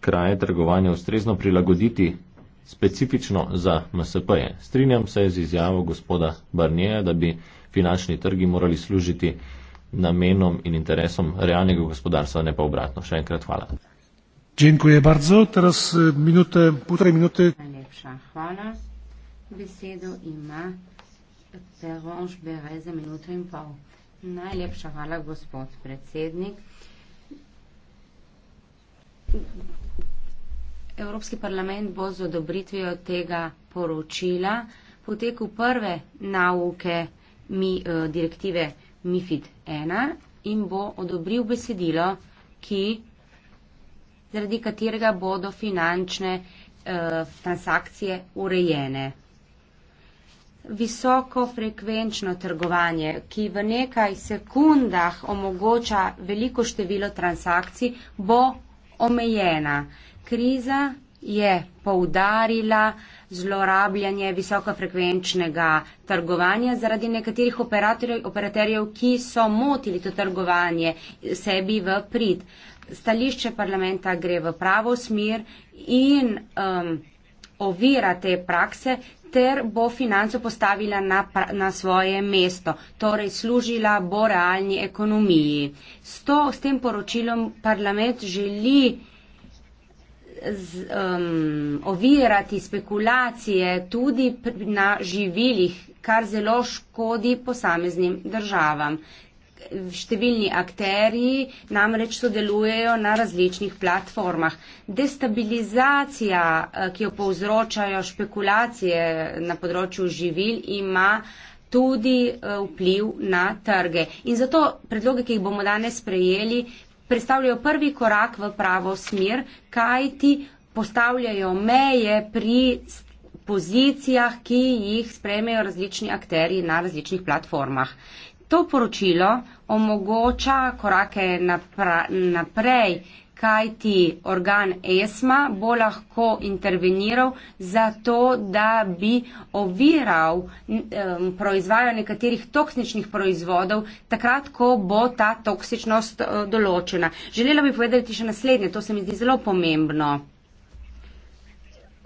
kraje trgovanja ustrezno prilagoditi specifično za MSP-je. Strinjam se z izjavo gospoda Barnjeja, da bi finančni trgi morali služiti namenom in interesom realnega gospodarstva, ne pa obratno. Še enkrat hvala. Dziękuję bardzo. Teraz e, minutę, półtorej minuty. Najlepsza chwala. Wysiedu ima Perąż Bereza minutę i pół. Najlepša hvala, gospod predsednik. Evropski parlament bo z odobritvijo tega poročila potekel prve nauke mi, eh, direktive MIFID 1 in bo odobril besedilo, ki, zaradi katerega bodo finančne eh, transakcije urejene visokofrekvenčno trgovanje, ki v nekaj sekundah omogoča veliko število transakcij, bo omejena. Kriza je poudarila zlorabljanje visokofrekvenčnega trgovanja zaradi nekaterih operaterjev, ki so motili to trgovanje sebi v prid. Stališče parlamenta gre v pravo smer in um, ovira te prakse, ter bo financo postavila na, na svoje mesto, torej služila bo realni ekonomiji. S, to, s tem poročilom parlament želi z, um, ovirati spekulacije tudi na živilih, kar zelo škodi posameznim državam številni akteri namreč sodelujejo na različnih platformah. Destabilizacija, eh, ki jo povzročajo špekulacije na področju živil, ima tudi eh, vpliv na trge. In zato predloge, ki jih bomo danes sprejeli, predstavljajo prvi korak v pravo smer, kajti postavljajo meje pri pozicijah, ki jih sprejmejo različni akteri na različnih platformah. To poročilo omogoča korake napra, naprej, kaj ti organ ESMA bo lahko interveniral za to, da bi oviral um, proizvajo nekaterih toksičnih proizvodov, takrat, ko bo ta toksičnost uh, določena. Želela bi povedati še naslednje, to se mi zdi zelo pomembno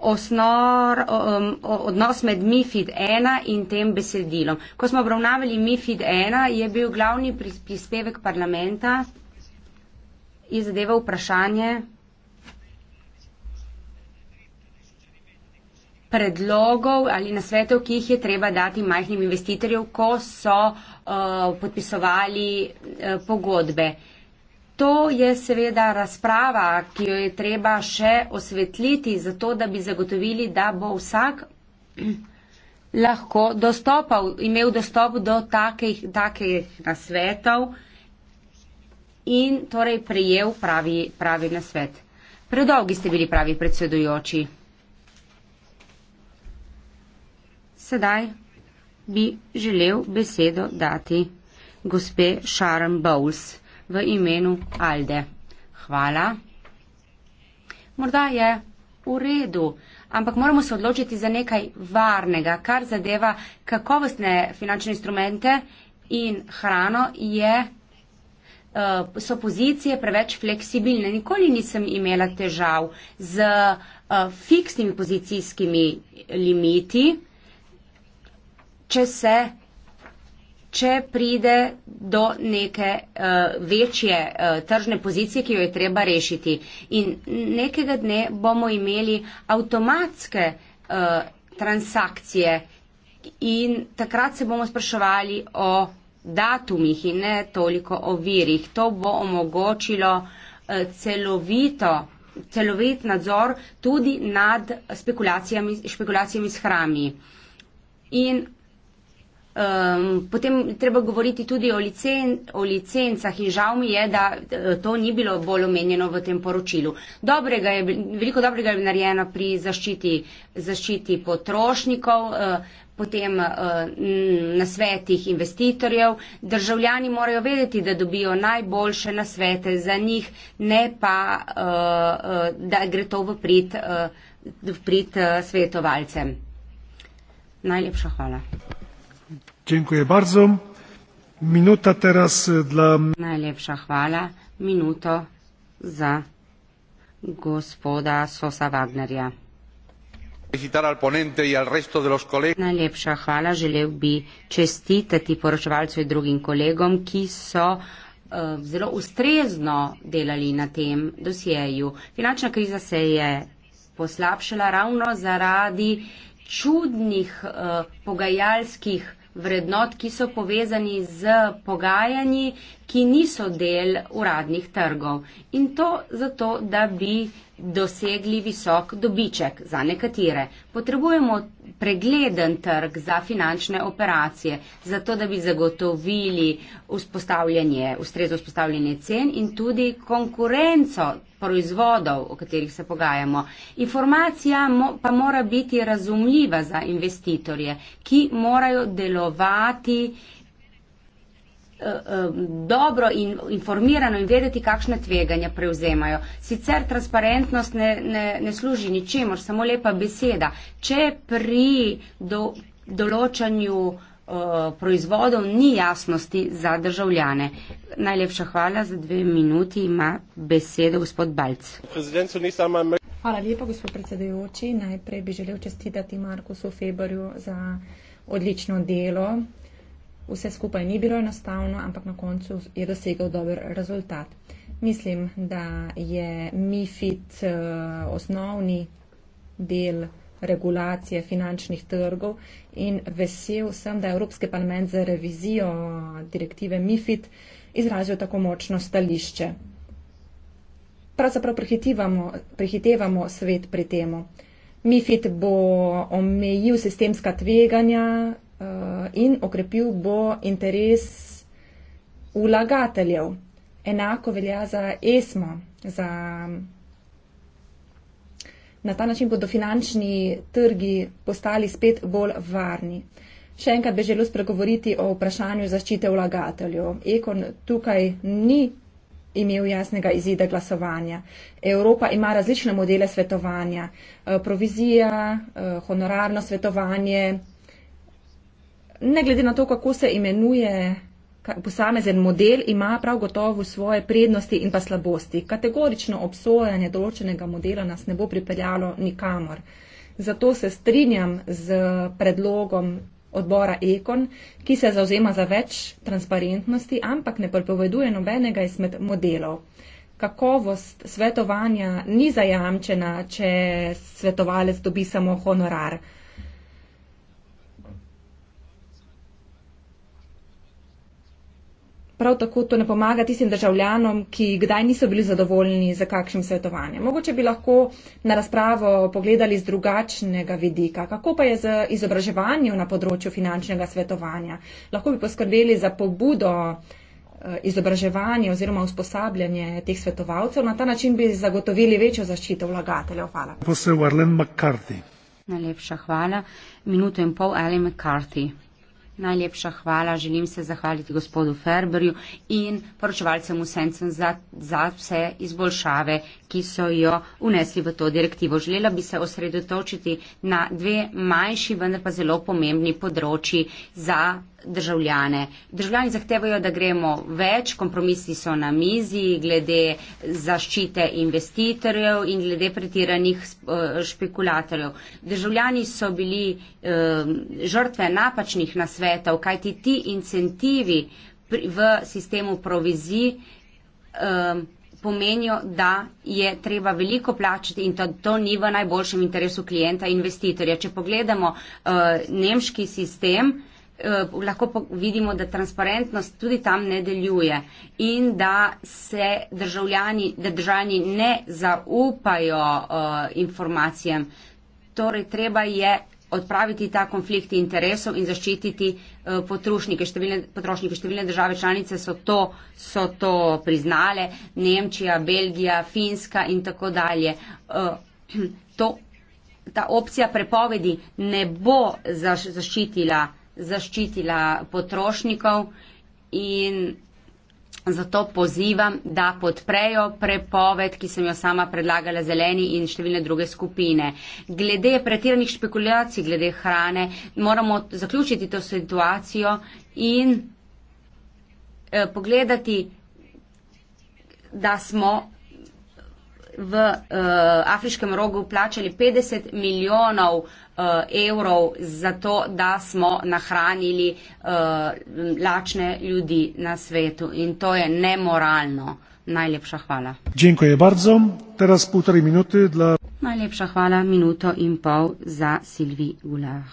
osnor, um, odnos med MIFID 1 in tem besedilom. Ko smo obravnavali MIFID 1, je bil glavni prispevek parlamenta in zadeva vprašanje predlogov ali nasvetov, ki jih je treba dati majhnim investitorjev, ko so uh, podpisovali uh, pogodbe. Uh, to je seveda razprava, ki jo je treba še osvetliti, zato da bi zagotovili, da bo vsak lahko dostopal, imel dostop do takih, takih nasvetov in torej prijel pravi, pravi nasvet. Predolgi ste bili pravi predsedujoči. Sedaj bi želel besedo dati gospe Sharon Bowles v imenu Alde. Hvala. Morda je v redu, ampak moramo se odločiti za nekaj varnega, kar zadeva kakovostne finančne instrumente in hrano je, eh, so pozicije preveč fleksibilne. Nikoli nisem imela težav z eh, fiksnimi pozicijskimi limiti, če se če pride do neke uh, večje uh, tržne pozicije, ki jo je treba rešiti. In nekega dne bomo imeli avtomatske uh, transakcije in takrat se bomo spraševali o datumih in ne toliko o virih. To bo omogočilo uh, celovito celovit nadzor tudi nad špekulacijami, špekulacijami s hrami. In Um, potem treba govoriti tudi o, licen o licencah in žal mi je, da e, to ni bilo bolj omenjeno v tem poročilu. Dobrega je, veliko dobrega je narejeno pri zaščiti, zaščiti potrošnikov. Uh, potem e, na svetih investitorjev. Državljani morajo vedeti, da dobijo najboljše na svete za njih, ne pa, da gre to v prid, v prid svetovalcem. Najlepša hvala. Dziękuję bardzo. Minuta teraz e, dla... Najlepsza chwala. Minuto za gospoda Sosa Wagneria. Najlepša hvala želel bi čestitati poročevalcu in drugim kolegom, ki so uh, zelo ustrezno delali na tem dosjeju. Finančna kriza se je poslabšala ravno zaradi čudnih uh, pogajalskih vrednot, ki so povezani z pogajanji, ki niso del uradnih trgov. In to zato, da bi dosegli visok dobiček za nekatere. Potrebujemo pregleden trg za finančne operacije, zato da bi zagotovili vzpostavljanje, ustrezno vzpostavljanje cen in tudi konkurenco proizvodov, o katerih se pogajamo. Informacija pa mora biti razumljiva za investitorje, ki morajo delovati dobro in informirano in vedeti, kakšne tveganja prevzemajo. Sicer transparentnost ne, ne, ne služi ničemor, samo lepa beseda. Če pri do, določanju uh, proizvodov ni jasnosti za državljane. Najlepša hvala za dve minuti. Ima besedo gospod Balc. Hvala lepa, gospod predsedajoči. Najprej bi želel čestitati Markusu Feberju za odlično delo Vse skupaj ni bilo enostavno, ampak na koncu je dosegel dober rezultat. Mislim, da je MIFID uh, osnovni del regulacije finančnih trgov in vesel sem, da je Evropski parlament za revizijo direktive MIFID izrazil tako močno stališče. Pravzaprav prehitevamo svet pri temu. MIFID bo omejil sistemska tveganja Eh, in okrepil bo interes vlagateljev. Enako velja za ESMO. Za Na ta način bodo finančni trgi postali spet bolj varni. Še enkrat bi želel spregovoriti o vprašanju zaščite vlagateljev. Ekon tukaj ni imel jasnega izida glasovanja. Evropa ima različne modele svetovanja. Eh, provizija, eh, honorarno svetovanje, ne glede na to, kako se imenuje posamezen model, ima prav gotovo svoje prednosti in pa slabosti. Kategorično obsojanje določenega modela nas ne bo pripeljalo nikamor. Zato se strinjam z predlogom odbora Ekon, ki se zauzema za več transparentnosti, ampak ne prepoveduje nobenega izmed modelov. Kakovost svetovanja ni zajamčena, če svetovalec dobi samo honorar. prav tako to ne pomaga tistim državljanom, ki kdaj niso bili zadovoljni za kakšnim svetovanjem. Mogoče bi lahko na razpravo pogledali z drugačnega vidika. Kako pa je z izobraževanjem na področju finančnega svetovanja? Lahko bi poskrbeli za pobudo eh, izobraževanje oziroma usposabljanje teh svetovalcev. Na ta način bi zagotovili večjo zaščito vlagateljev. Hvala. Najlepša hvala. Minuto in pol, Ali McCarthy. Najlepša hvala. Želim se zahvaliti gospodu Ferberju in poročevalcem v Sencem za, za vse izboljšave, ki so jo unesli v to direktivo. Želela bi se osredotočiti na dve manjši, vendar pa zelo pomembni področji za državljane. Državljani zahtevajo, da gremo več, kompromisi so na mizi glede zaščite investitorjev in glede pretiranih eh, špekulatorjev. Državljani so bili eh, žrtve napačnih nasvetov, kajti ti incentivi v sistemu provizij eh, pomenijo, da je treba veliko plačati in to, to ni v najboljšem interesu klijenta in investitorja. Če pogledamo uh, nemški sistem, uh, lahko vidimo, da transparentnost tudi tam ne deluje in da se državljani, da državljani ne zaupajo uh, informacijam. Torej, treba je odpraviti ta konflikt interesov in zaščititi eh, potrošnike. Številne, potrošnike. Številne države članice so to, so to priznale, Nemčija, Belgija, Finska in tako dalje. Eh, to, ta opcija prepovedi ne bo zaš, zaščitila, zaščitila potrošnikov in Zato pozivam, da podprejo prepoved, ki sem jo sama predlagala zeleni in številne druge skupine. Glede pretiranih špekulacij, glede hrane, moramo zaključiti to situacijo in eh, pogledati, da smo v uh, afriškem rogu plačali 50 milijonov uh, evrov za to, da smo nahranili uh, lačne ljudi na svetu. In to je nemoralno. Najlepša hvala. Bardzo, teraz dla... Najlepša hvala minuto in pol za Silvi Gulah.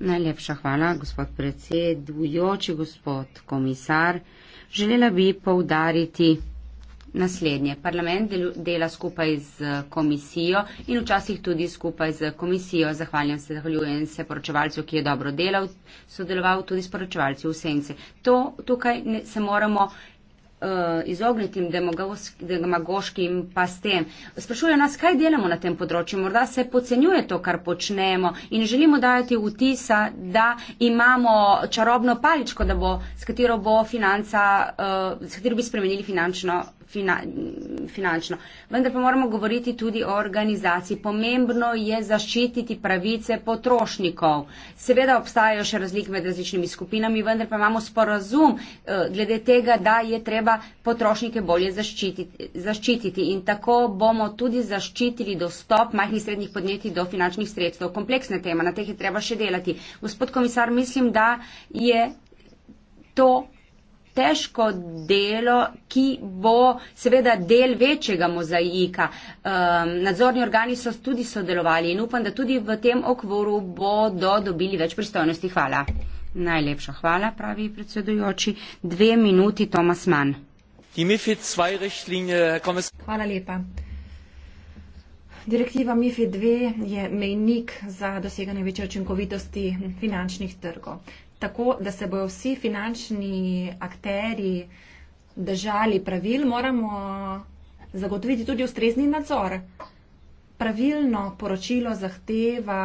Najlepša hvala, gospod predsedujoči, gospod komisar. Želela bi poudariti, naslednje. Parlament dela skupaj z komisijo in včasih tudi skupaj z komisijo. Zahvaljujem se, zahvaljujem se poročevalcu, ki je dobro delal, sodeloval tudi s poročevalci v Sence. To tukaj ne, se moramo eh, izogniti demagoškim pa s tem. Sprašujejo nas, kaj delamo na tem področju. Morda se pocenjuje to, kar počnemo in želimo dajati vtisa, da imamo čarobno paličko, bo, eh, s katero bi spremenili finančno, fina, finančno. Vendar pa moramo govoriti tudi o organizaciji. Pomembno je zaščititi pravice potrošnikov. Seveda obstajajo še razlike med različnimi skupinami, vendar pa imamo sporazum eh, glede tega, da je treba potrošnike bolje zaščititi. zaščititi. In tako bomo tudi zaščitili dostop majhnih srednjih podjetij do finančnih sredstev. Kompleksna tema, na teh je treba še delati. Gospod komisar, mislim, da je to težko delo, ki bo seveda del večjega mozaika. Um, nadzorni organi so tudi sodelovali in upam, da tudi v tem okvoru bodo dobili več pristojnosti. Hvala. Najlepša hvala, pravi predsedujoči. Dve minuti, Tomas Mann. Hvala lepa. Direktiva MIFID 2 je mejnik za doseganje večje učinkovitosti finančnih trgov tako, da se bojo vsi finančni akteri držali pravil, moramo zagotoviti tudi ustrezni nadzor. Pravilno poročilo zahteva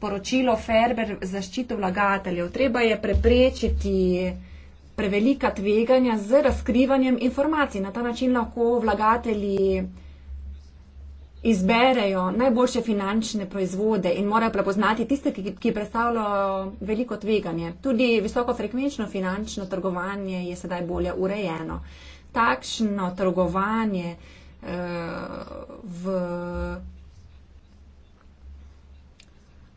poročilo Ferber zaščito vlagateljev. Treba je preprečiti prevelika tveganja z razkrivanjem informacij. Na ta način lahko vlagatelji izberejo najboljše finančne proizvode in morajo prepoznati tiste, ki, ki predstavljajo veliko tveganje. Tudi visokofrekvenčno finančno trgovanje je sedaj bolje urejeno. Takšno trgovanje eh, v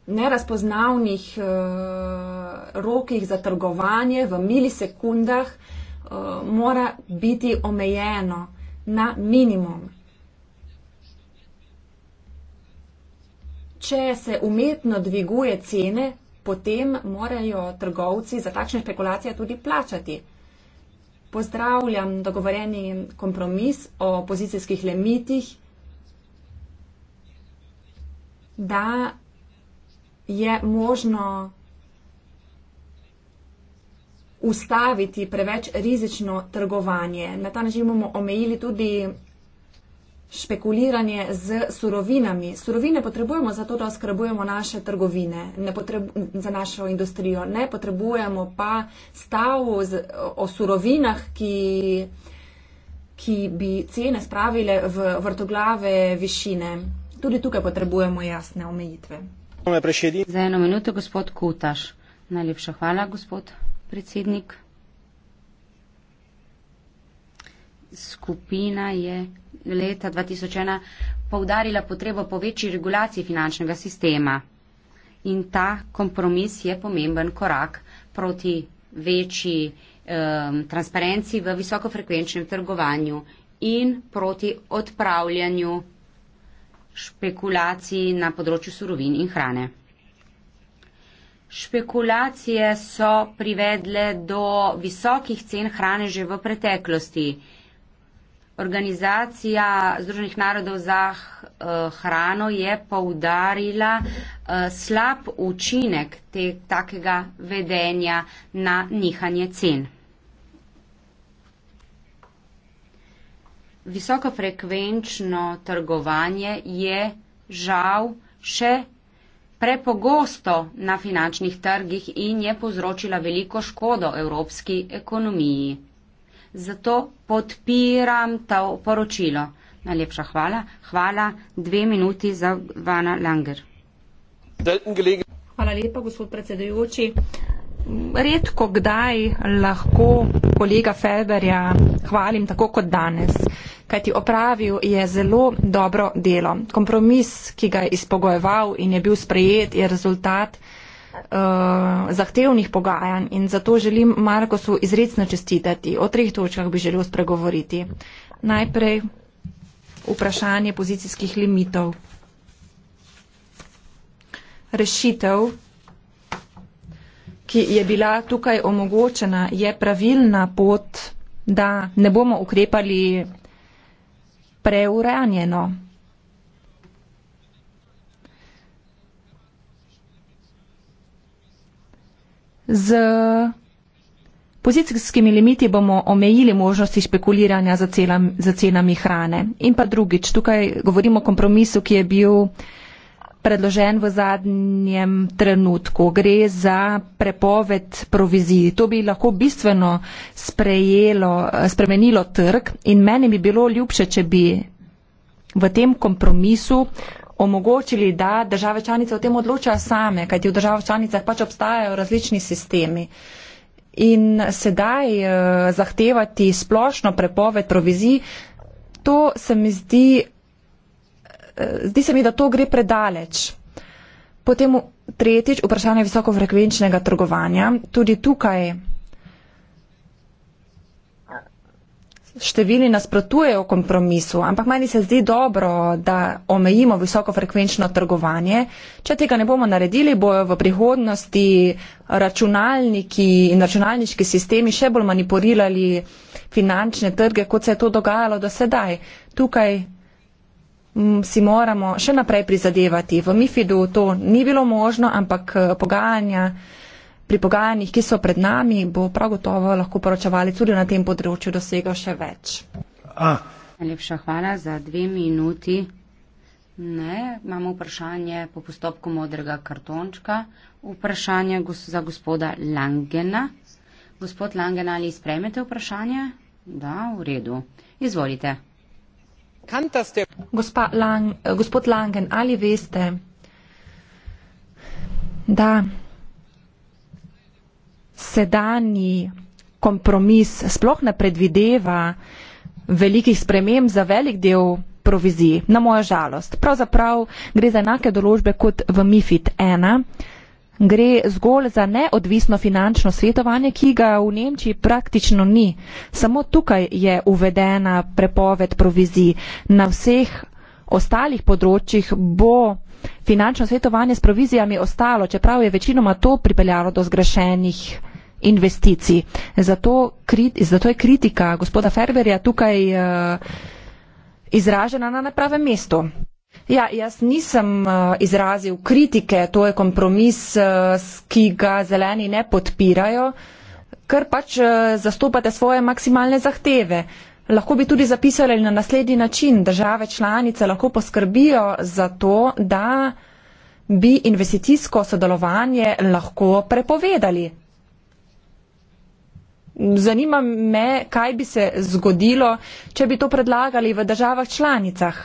nerazpoznavnih eh, rokih za trgovanje v milisekundah eh, mora biti omejeno na minimum. če se umetno dviguje cene, potem morajo trgovci za takšne špekulacije tudi plačati. Pozdravljam dogovoreni kompromis o pozicijskih limitih, da je možno ustaviti preveč rizično trgovanje. Na ta način bomo omejili tudi špekuliranje z surovinami. Surovine potrebujemo zato, da oskrbujemo naše trgovine za našo industrijo. Ne potrebujemo pa stav z, o surovinah, ki, ki bi cene spravile v vrtoglave višine. Tudi tukaj potrebujemo jasne omejitve. Za eno minuto, gospod Kutaš. Najlepša hvala, gospod predsednik. Skupina je leta 2001 poudarila potrebo po večji regulaciji finančnega sistema. In ta kompromis je pomemben korak proti večji um, transparenci v visokofrekvenčnem trgovanju in proti odpravljanju špekulacij na področju surovin in hrane. Špekulacije so privedle do visokih cen hrane že v preteklosti. Organizacija Združenih narodov za eh, hrano je poudarila eh, slab učinek te, takega vedenja na nihanje cen. Visokofrekvenčno trgovanje je žal še prepogosto na finančnih trgih in je povzročila veliko škodo evropski ekonomiji zato podpiram to poročilo. Najlepša hvala. Hvala dve minuti za Vana Langer. Hvala lepa, gospod predsedujoči. Redko kdaj lahko kolega Feberja hvalim tako kot danes, kajti opravil je zelo dobro delo. Kompromis, ki ga je izpogojeval in je bil sprejet, je rezultat uh, zahtevnih pogajanj in zato želim Markosu izredno čestitati. O treh točkah bi želel spregovoriti. Najprej vprašanje pozicijskih limitov. Rešitev, ki je bila tukaj omogočena, je pravilna pot, da ne bomo ukrepali preurejanjeno. Z pozicijskimi limiti bomo omejili možnosti špekuliranja za, celam, za cenami hrane. In pa drugič, tukaj govorimo o kompromisu, ki je bil predložen v zadnjem trenutku. Gre za prepoved proviziji. To bi lahko bistveno sprejelo, spremenilo trg in meni bi bilo ljubše, če bi v tem kompromisu omogočili, da države članice o tem odločajo same, kajti v državah članicah pač obstajajo različni sistemi. In sedaj eh, zahtevati splošno prepoved provizij, to se mi zdi, eh, zdi se mi, da to gre predaleč. Potem tretjič vprašanje visokofrekvenčnega trgovanja. Tudi tukaj številni nasprotujejo kompromisu, ampak meni se zdi dobro, da omejimo visokofrekvenčno trgovanje. Če tega ne bomo naredili, bojo v prihodnosti računalniki in računalniški sistemi še bolj manipulirali finančne trge, kot se je to dogajalo do sedaj. Tukaj mm, si moramo še naprej prizadevati. V MIFID-u to ni bilo možno, ampak eh, pogajanja pri pogajanjih, ki so pred nami, bo prav gotovo lahko poročevali tudi na tem področju dosegel še več. Najlepša hvala za dve minuti. Ne, imamo vprašanje po postopku modrega kartončka. Vprašanje za gospoda Langena. Gospod Langena, ali spremete vprašanje? Da, v redu. Izvolite. Ste... Lang, gospod Langen, ali veste, da sedanji kompromis sploh ne predvideva velikih sprememb za velik del proviziji, na mojo žalost. Pravzaprav gre za enake določbe kot v MIFID 1. Gre zgolj za neodvisno finančno svetovanje, ki ga v Nemčiji praktično ni. Samo tukaj je uvedena prepoved provizij. Na vseh ostalih področjih bo finančno svetovanje s provizijami ostalo, čeprav je večinoma to pripeljalo do zgrešenih investicij. Zato, kri, zato je kritika gospoda Ferberja tukaj eh, izražena na nepravem mestu. Ja, jaz nisem eh, izrazil kritike, to je kompromis, eh, ki ga zeleni ne podpirajo, ker pač zastopate svoje maksimalne zahteve. Lahko bi tudi zapisali na naslednji način, države članice lahko poskrbijo za to, da bi investicijsko sodelovanje lahko prepovedali. Zanima me, kaj bi se zgodilo, če bi to predlagali v državah članicah.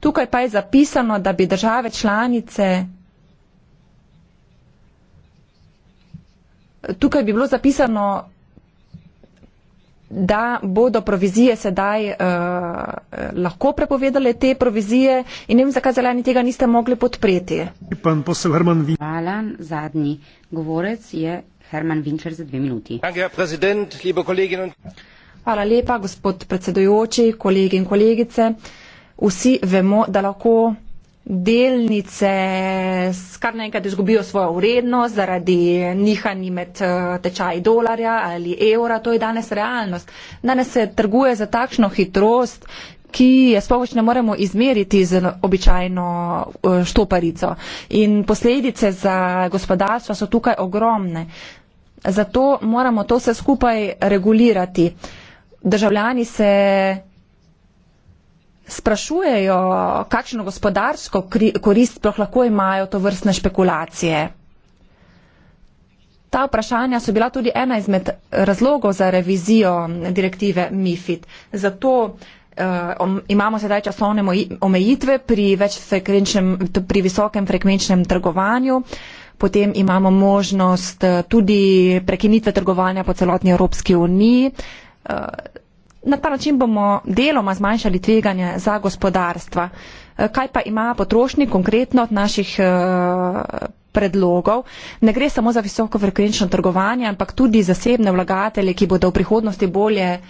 Tukaj pa je zapisano, da bi države članice. Tukaj bi bilo zapisano, da bodo provizije sedaj uh, lahko prepovedale te provizije in ne vem, zakaj zeleni tega niste mogli podpreti. Hvala, zadnji govorec je Hvala lepa, gospod predsedujoči, kolegi in kolegice. Vsi vemo, da lahko delnice kar naenkrat izgubijo svojo vrednost zaradi nihanji med eh, tečaji dolarja ali evra. To je danes realnost. Danes se trguje za takšno hitrost ki je spoveč ne moremo izmeriti z običajno eh, štoparico. In posledice za gospodarstva so tukaj ogromne. Zato moramo to vse skupaj regulirati. Državljani se sprašujejo, kakšno gospodarsko korist sploh lahko imajo to vrstne špekulacije. Ta vprašanja so bila tudi ena izmed razlogov za revizijo direktive MIFID. Zato uh, imamo sedaj časovne omejitve pri, pri visokem frekvenčnem trgovanju. Uh, potem imamo možnost eh, tudi prekinitve trgovanja po celotni Evropski uniji. Eh, na ta način bomo deloma zmanjšali tveganje za gospodarstva. Eh, kaj pa ima potrošnik konkretno od naših predlogov? Ne gre samo za visokofrekvenčno trgovanje, ampak tudi zasebne vlagatelje, ki bodo v prihodnosti bolje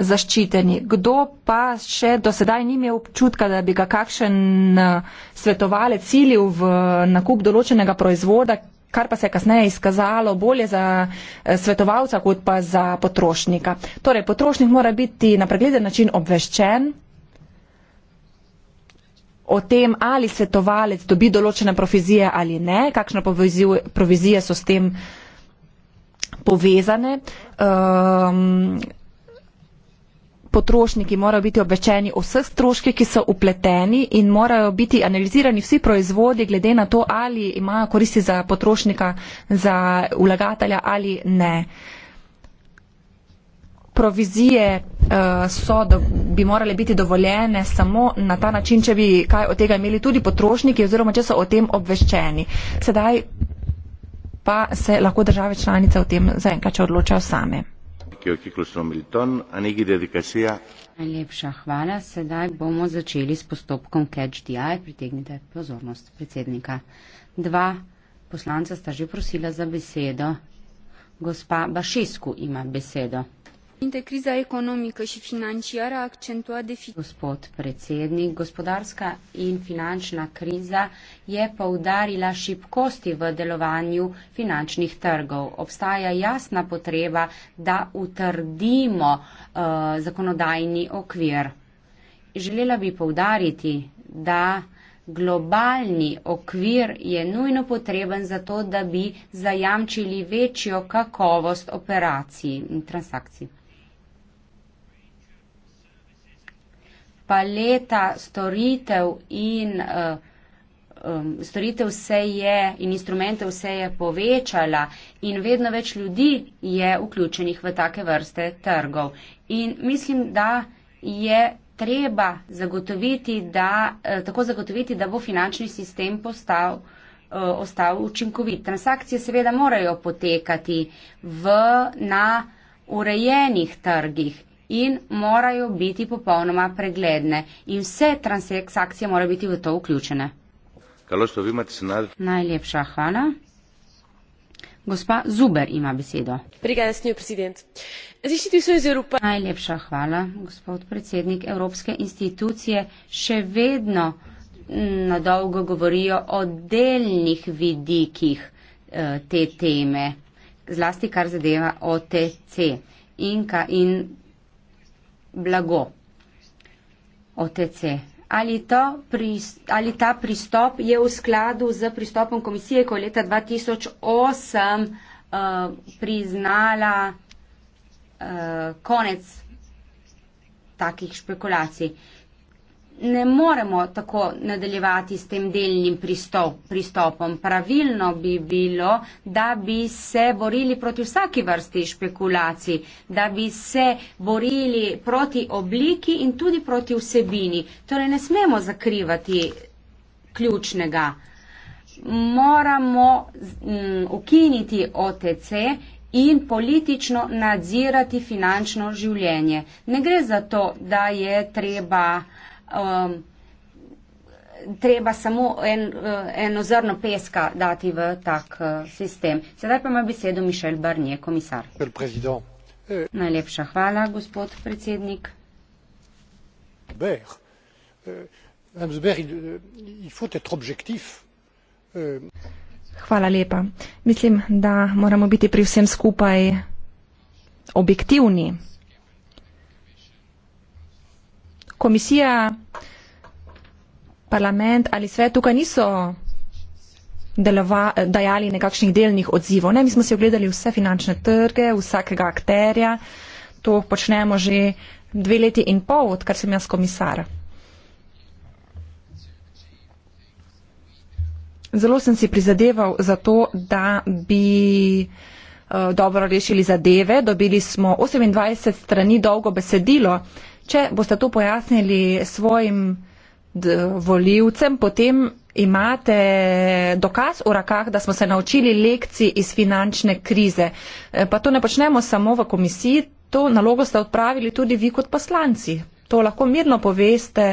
zaščiteni. Kdo pa še do sedaj ni imel občutka, da bi ga kakšen eh, svetovalec ciljil v nakup določenega proizvoda, kar pa se je kasneje izkazalo bolje za eh, svetovalca kot pa za potrošnika. Torej, potrošnik mora biti na pregleden način obveščen o tem, ali svetovalec dobi določene provizije ali ne, kakšne provizije so s tem povezane. Um, potrošniki morajo biti obvečeni o vseh stroških, ki so upleteni in morajo biti analizirani vsi proizvodi glede na to, ali imajo koristi za potrošnika, za ulagatelja ali ne. Provizije uh, so, da bi morale biti dovoljene samo na ta način, če bi kaj od tega imeli tudi potrošniki oziroma če so o tem obveščeni. Sedaj pa se lahko države članice o tem zaenkrat odločajo same. Najlepša hvala. Sedaj bomo začeli s postopkom Catch the Eye. Pritegnite pozornost predsednika. Dva poslanca sta že prosila za besedo. Gospa Bašisku ima besedo. Kriza ekonomika in finančara akcentua deficit. Gospod predsednik, gospodarska in finančna kriza je poudarila šibkosti v delovanju finančnih trgov. Obstaja jasna potreba, da utrdimo uh, zakonodajni okvir. Želela bi poudariti, da globalni okvir je nujno potreben za to, da bi zajamčili večjo kakovost operacij in transakcij. paleta storitev in eh, um, storitev se je in instrumentov se je povečala in vedno več ljudi je vključenih v take vrste trgov. In mislim, da je treba zagotoviti, da, eh, tako zagotoviti, da bo finančni sistem postal eh, ostal učinkovit. Transakcije seveda morajo potekati v, na urejenih trgih in morajo biti popolnoma pregledne in vse transakcije morajo biti v to vključene. Kaloško, vi imate senar? Najlepša hvala. Gospa Zuber ima besedo. Brigada, snijo predsednik. Institucije iz Evrope. Najlepša hvala, gospod predsednik. Evropske institucije še vedno mm, na dolgo govorijo o delnih vidikih eh, te teme, zlasti kar zadeva OTC in, ka, in blago. Otece, ali, ali ta pristop je v skladu z pristopom komisije, ko je leta 2008 uh, eh, priznala uh, konec takih špekulacij? Uh, ne moremo tako nadaljevati s tem delnim pristop, pristopom. Pravilno bi bilo, da bi se borili proti vsaki vrsti špekulacij, da bi se borili proti obliki in tudi proti vsebini. Torej ne smemo zakrivati ključnega. Moramo mm, ukiniti OTC in politično nadzirati finančno življenje. Ne gre za to, da je treba uh, um, treba samo en, uh, eno zrno peska dati v tak uh, sistem. Sedaj pa ima besedo Mišel Barnje, komisar. Eh, Najlepša hvala, gospod predsednik. Ber. Eh, euh, euh. Hvala lepa. Mislim, da moramo biti pri vsem skupaj objektivni komisija, parlament ali svet tukaj niso dajali nekakšnih delnih odzivov. Ne? Mi smo si ogledali vse finančne trge, vsakega akterja. To počnemo že dve leti in pol, odkar sem jaz komisar. Zelo sem si prizadeval za to, da bi uh, dobro rešili zadeve. Dobili smo 28 strani dolgo besedilo uh, Če boste to pojasnili svojim voljivcem, potem imate dokaz v rakah, da smo se naučili lekcij iz finančne krize. E, pa to ne počnemo samo v komisiji, to nalogo ste odpravili tudi vi kot poslanci. To lahko mirno poveste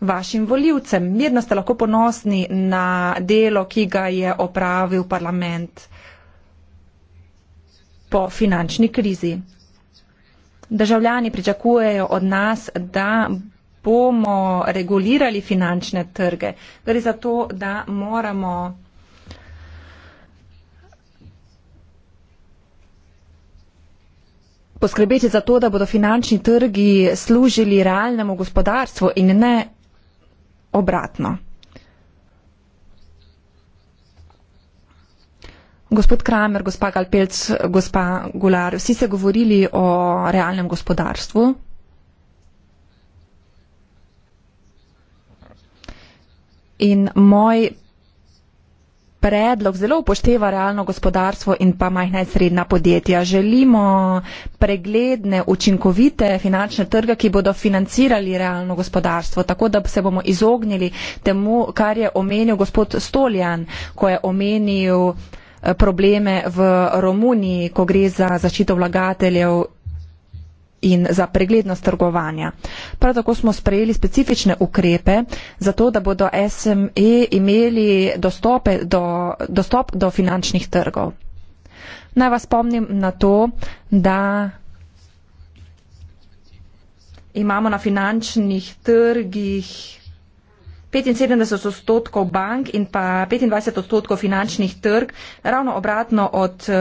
vašim voljivcem. Mirno ste lahko ponosni na delo, ki ga je opravil parlament po finančni krizi. Državljani pričakujejo od nas, da bomo regulirali finančne trge. Gre za to, da moramo poskrbeti za to, da bodo finančni trgi služili realnemu gospodarstvu in ne obratno. Gospod Kramer, gospa Galpelc, gospa Gular, vsi ste govorili o realnem gospodarstvu. In moj predlog zelo upošteva realno gospodarstvo in pa majhna in srednja podjetja. Želimo pregledne, učinkovite finančne trge, ki bodo financirali realno gospodarstvo, tako da se bomo izognili temu, kar je omenil gospod Stoljan, ko je omenil probleme v Romuniji, ko gre za zaščito vlagateljev in za preglednost trgovanja. Prav tako smo sprejeli specifične ukrepe za to, da bodo SME imeli do, dostop do finančnih trgov. Naj vas spomnim na to, da imamo na finančnih trgih 75 odstotkov bank in pa 25 odstotkov finančnih trg, ravno obratno od eh,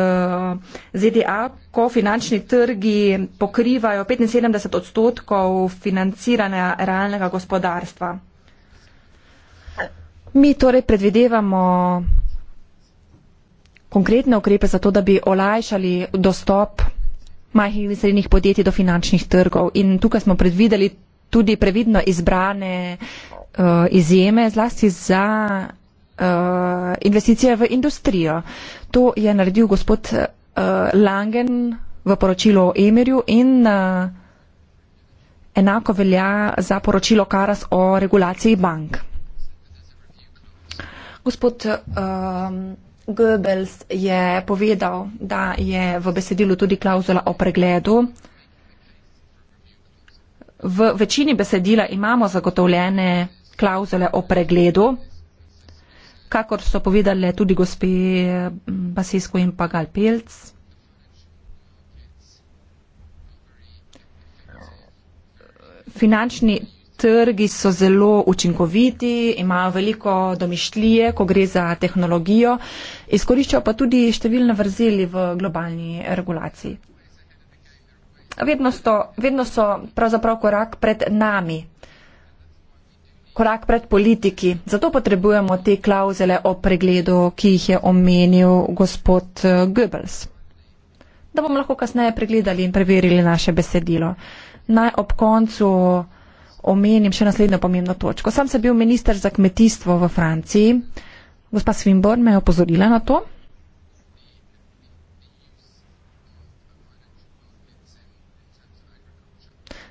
ZDA, ko finančni trgi pokrivajo 75 odstotkov financiranja realnega gospodarstva. Mi torej predvidevamo konkretne ukrepe za to, da bi olajšali dostop majhnih in srednjih podjetij do finančnih trgov. In tukaj smo predvideli tudi previdno izbrane uh, izjeme, zlasti za uh, investicije v industrijo. To je naredil gospod uh, Langen v poročilu o Emirju in uh, enako velja za poročilo Karas o regulaciji bank. Gospod uh, Goebbels je povedal, da je v besedilu tudi klauzula o pregledu. V večini besedila imamo zagotovljene klauzule o pregledu, kakor so povedali tudi gospe mm, Basisko in pa Galpelc. Finančni trgi so zelo učinkoviti, imajo veliko domišljije, ko gre za tehnologijo, izkoriščajo pa tudi številne vrzeli v globalni regulaciji vedno so, vedno so pravzaprav korak pred nami, korak pred politiki. Zato potrebujemo te klauzele o pregledu, ki jih je omenil gospod eh, Goebbels. Da bomo lahko kasneje pregledali in preverili naše besedilo. Naj ob koncu omenim še naslednjo pomembno točko. Sam sem bil minister za kmetijstvo v Franciji. Gospa Svimbor me je opozorila na to.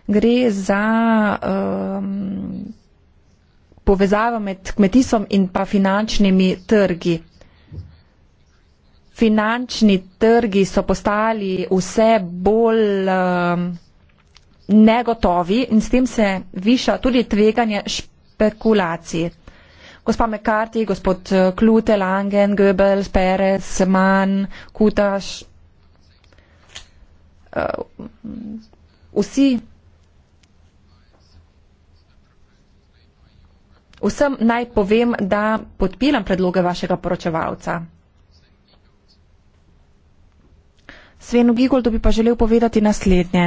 gre za um, povezavo med kmetijstvom in pa finančnimi trgi. Finančni trgi so postali vse bolj um, negotovi in s tem se viša tudi tveganje špekulacij. Gospa McCarthy, gospod uh, Klute, Langen, Goebbels, Perez, Mann, Kutaš, uh, vsi Vsem naj povem, da podpiram predloge vašega poročevalca. Svenu Gigoldu bi pa želel povedati naslednje.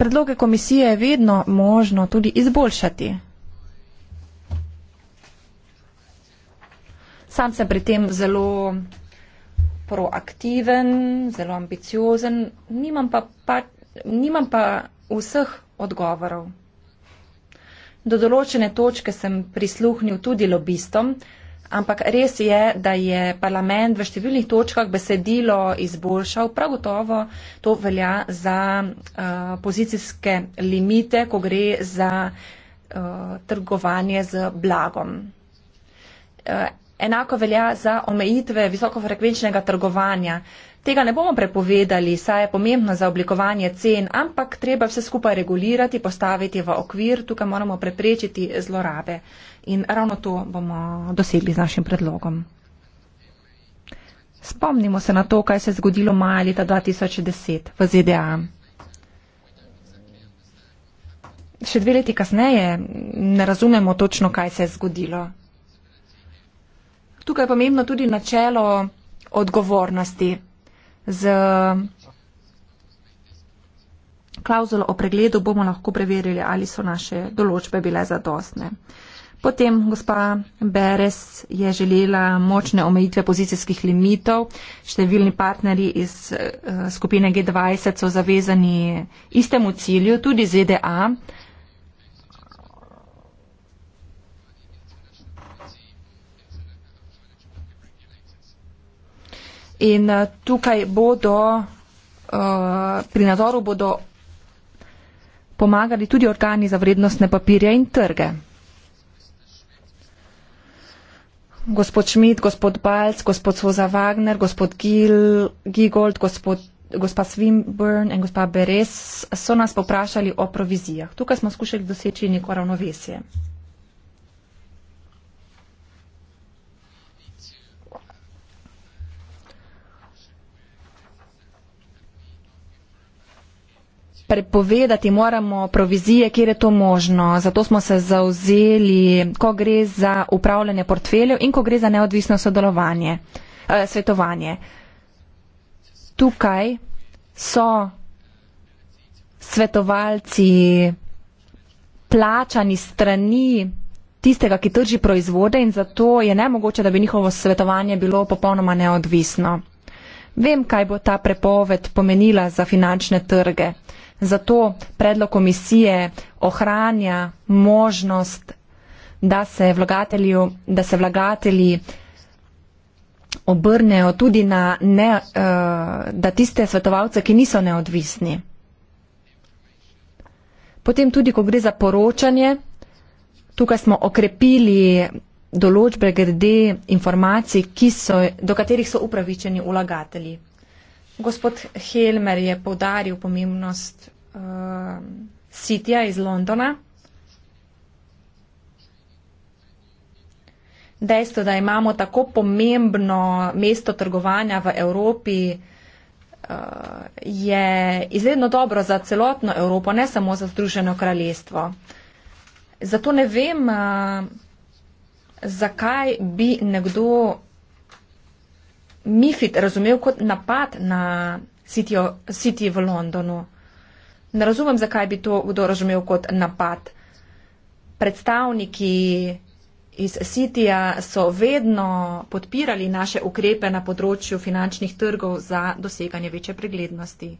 Predloge komisije je vedno možno tudi izboljšati. Sam sem pri tem zelo proaktiven, zelo ambiciozen, nimam pa, pa, nimam pa vseh odgovorov. Do določene točke sem prisluhnil tudi lobistom, ampak res je, da je parlament v številnih točkah besedilo izboljšal. Prav gotovo to velja za uh, pozicijske limite, ko gre za uh, trgovanje z blagom. Uh, enako velja za omejitve visokofrekvenčnega trgovanja. Uh, Tega ne bomo prepovedali, saj je pomembno za oblikovanje cen, ampak treba vse skupaj regulirati, postaviti v okvir, tukaj moramo preprečiti zlorabe. In ravno to bomo dosegli z našim predlogom. Spomnimo se na to, kaj se je zgodilo maja leta 2010 v ZDA. Še dve leti kasneje ne razumemo točno, kaj se je zgodilo. Tukaj je pomembno tudi načelo odgovornosti z klauzulo o pregledu bomo lahko preverili, ali so naše določbe bile zadostne. Potem gospa Beres je želela močne omejitve pozicijskih limitov. Številni partnerji iz eh, skupine G20 so zavezani istemu cilju, tudi ZDA. In eh, tukaj bodo, eh, pri nadzoru bodo pomagali tudi organi za vrednostne papirje in trge. Gospod Šmit, gospod Balc, gospod Soza Wagner, gospod Gil, Gigold, gospod, gospa Swinburne in gospa Beres so nas poprašali o provizijah. Tukaj smo skušali doseči neko ravnovesje. prepovedati moramo provizije, kjer je to možno. Zato smo se zauzeli, ko gre za upravljanje portfeljev in ko gre za neodvisno sodelovanje, eh, svetovanje. Tukaj so svetovalci plačani strani tistega, ki trži proizvode in zato je nemogoče, da bi njihovo svetovanje bilo popolnoma neodvisno. Vem, kaj bo ta prepoved pomenila za finančne trge. Uh, Zato predlog komisije ohranja možnost, da se, da se vlagatelji obrnejo tudi na ne, eh, da tiste svetovalce, ki niso neodvisni. Potem tudi, ko gre za poročanje, tukaj smo okrepili določbe glede informacij, so, do katerih so upravičeni vlagatelji. Gospod Helmer je povdaril pomembnost uh, eh, Citya iz Londona. Dejstvo, da imamo tako pomembno mesto trgovanja v Evropi, uh, je izredno dobro za celotno Evropo, ne samo za Združeno kraljestvo. Zato ne vem, uh, zakaj bi nekdo Mifid razumel kot napad na City v Londonu. Ne razumem, zakaj bi to kdo razumel kot napad. Predstavniki iz Citya so vedno podpirali naše ukrepe na področju finančnih trgov za doseganje večje preglednosti.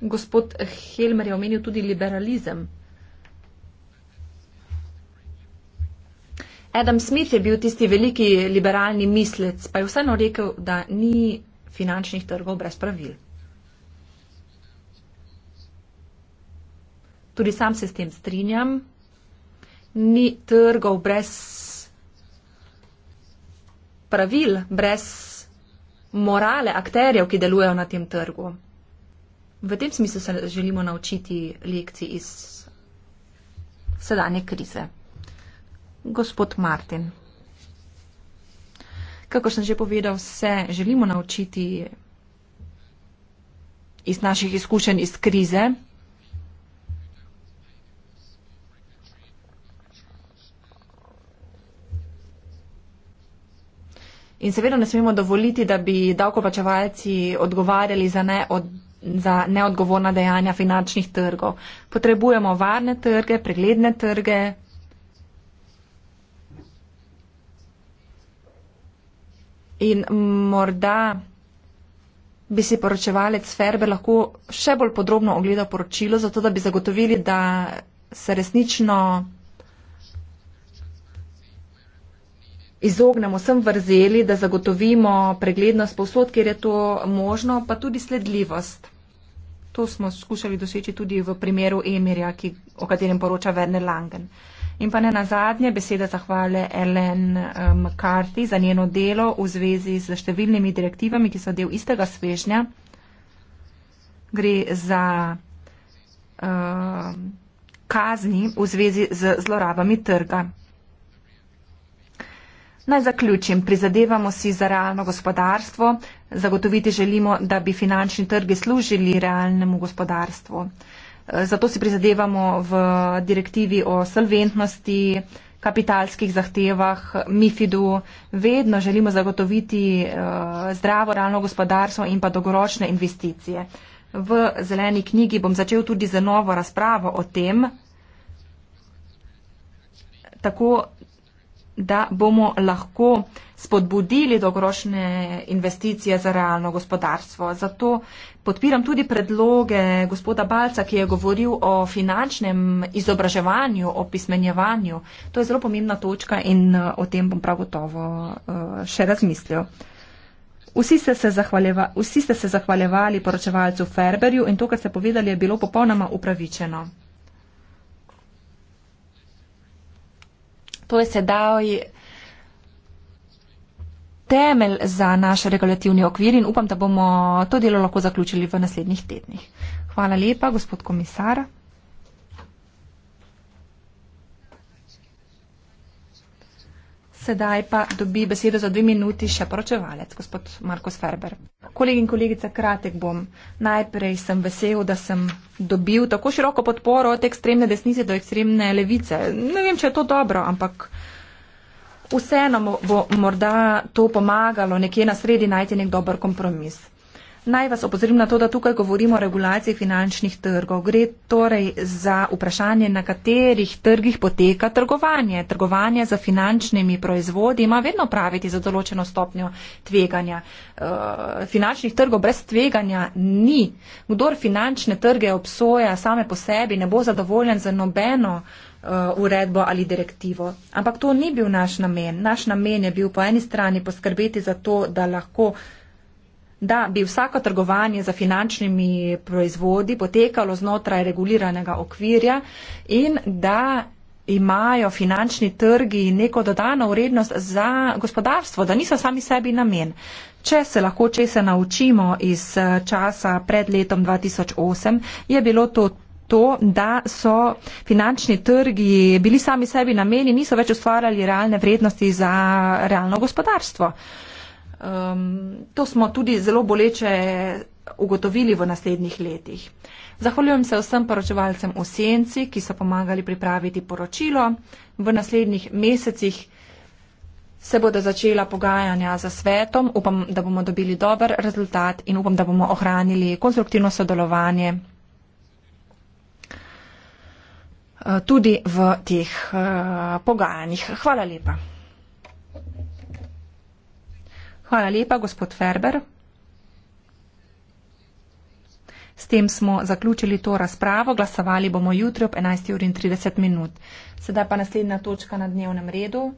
Gospod Helmer je omenil tudi liberalizem. Adam Smith je bil tisti veliki liberalni mislec, pa je vseeno rekel, da ni finančnih trgov brez pravil. Tudi sam se s tem strinjam. Ni trgov brez pravil, brez morale akterjev, ki delujejo na tem trgu. V tem smislu se želimo naučiti lekcij iz sedanje krize gospod Martin. Kako sem že povedal, se želimo naučiti iz naših izkušenj iz krize. In seveda ne smemo dovoliti, da bi davkoplačevalci odgovarjali za, ne od, za neodgovorna dejanja finančnih trgov. Potrebujemo varne trge, pregledne trge, In morda bi si poročevalec Ferbe lahko še bolj podrobno ogledal poročilo, zato da bi zagotovili, da se resnično izognemo vsem vrzeli, da zagotovimo preglednost posod, kjer je to možno, pa tudi sledljivost. To smo skušali doseči tudi v primeru Emirja, ki, o katerem poroča Werner Langen. In pa ne nazadnje beseda zahvale Ellen eh, McCarthy za njeno delo v zvezi z številnimi direktivami, ki so del istega svežnja. Gre za uh, kazni v zvezi z zlorabami trga. Naj zaključim. Prizadevamo si za realno gospodarstvo. Zagotoviti želimo, da bi finančni trgi služili realnemu gospodarstvu. Zato si prizadevamo v direktivi o solventnosti, kapitalskih zahtevah, MIFID-u, vedno želimo zagotoviti eh, zdravo realno gospodarstvo in pa dolgoročne investicije. V zeleni knjigi bom začel tudi za novo razpravo o tem, tako da bomo lahko spodbudili dolgoročne investicije za realno gospodarstvo. Zato podpiram tudi predloge gospoda Balca, ki je govoril o finančnem izobraževanju, o pismenjevanju. To je zelo pomembna točka in eh, o tem bom prav gotovo eh, še razmislil. Vsi ste, vsi ste se zahvaljevali poročevalcu Ferberju in to, kar ste povedali, je bilo popolnoma upravičeno. To je sedaj temelj za naš regulativni okvir in upam, da bomo to delo lahko zaključili v naslednjih tednih. Hvala lepa, gospod komisar. Sedaj pa dobi besedo za dve minuti še poročevalec, gospod Marko Sferber. Kolegi in kolegica, kratek bom. Najprej sem vesel, da sem dobil tako široko podporo od ekstremne desnice do ekstremne levice. Ne vem, če je to dobro, ampak. Vseeno bo morda to pomagalo nekje na sredi najti nek dober kompromis. Naj vas opozorim na to, da tukaj govorimo o regulaciji finančnih trgov. Gre torej za vprašanje, na katerih trgih poteka trgovanje. Trgovanje za finančnimi proizvodi ima vedno praviti za določeno stopnjo tveganja. Eh, finančnih trgov brez tveganja ni. Kdor finančne trge obsoja same po sebi, ne bo zadovoljen za nobeno uh, Uh, uredbo ali direktivo. Ampak to ni bil naš namen. Naš namen je bil po eni strani poskrbeti za to, da lahko da bi vsako trgovanje za finančnimi proizvodi potekalo znotraj reguliranega okvirja in da imajo finančni trgi neko dodano vrednost za gospodarstvo, da niso sami sebi namen. Če se lahko če se naučimo iz uh, časa pred letom 2008, je bilo to to, da so finančni trgi bili sami sebi nameni, niso več ustvarjali realne vrednosti za realno gospodarstvo. Um, to smo tudi zelo boleče ugotovili v naslednjih letih. Zahvaljujem se vsem poročevalcem v Senci, ki so pomagali pripraviti poročilo. V naslednjih mesecih se bodo začela pogajanja za svetom. Upam, da bomo dobili dober rezultat in upam, da bomo ohranili konstruktivno sodelovanje. Eh, tudi v teh eh, pogajanjih. Hvala lepa. Hvala lepa, gospod Ferber. S tem smo zaključili to razpravo. Glasovali bomo jutri ob 11.30. Sedaj pa naslednja točka na dnevnem redu.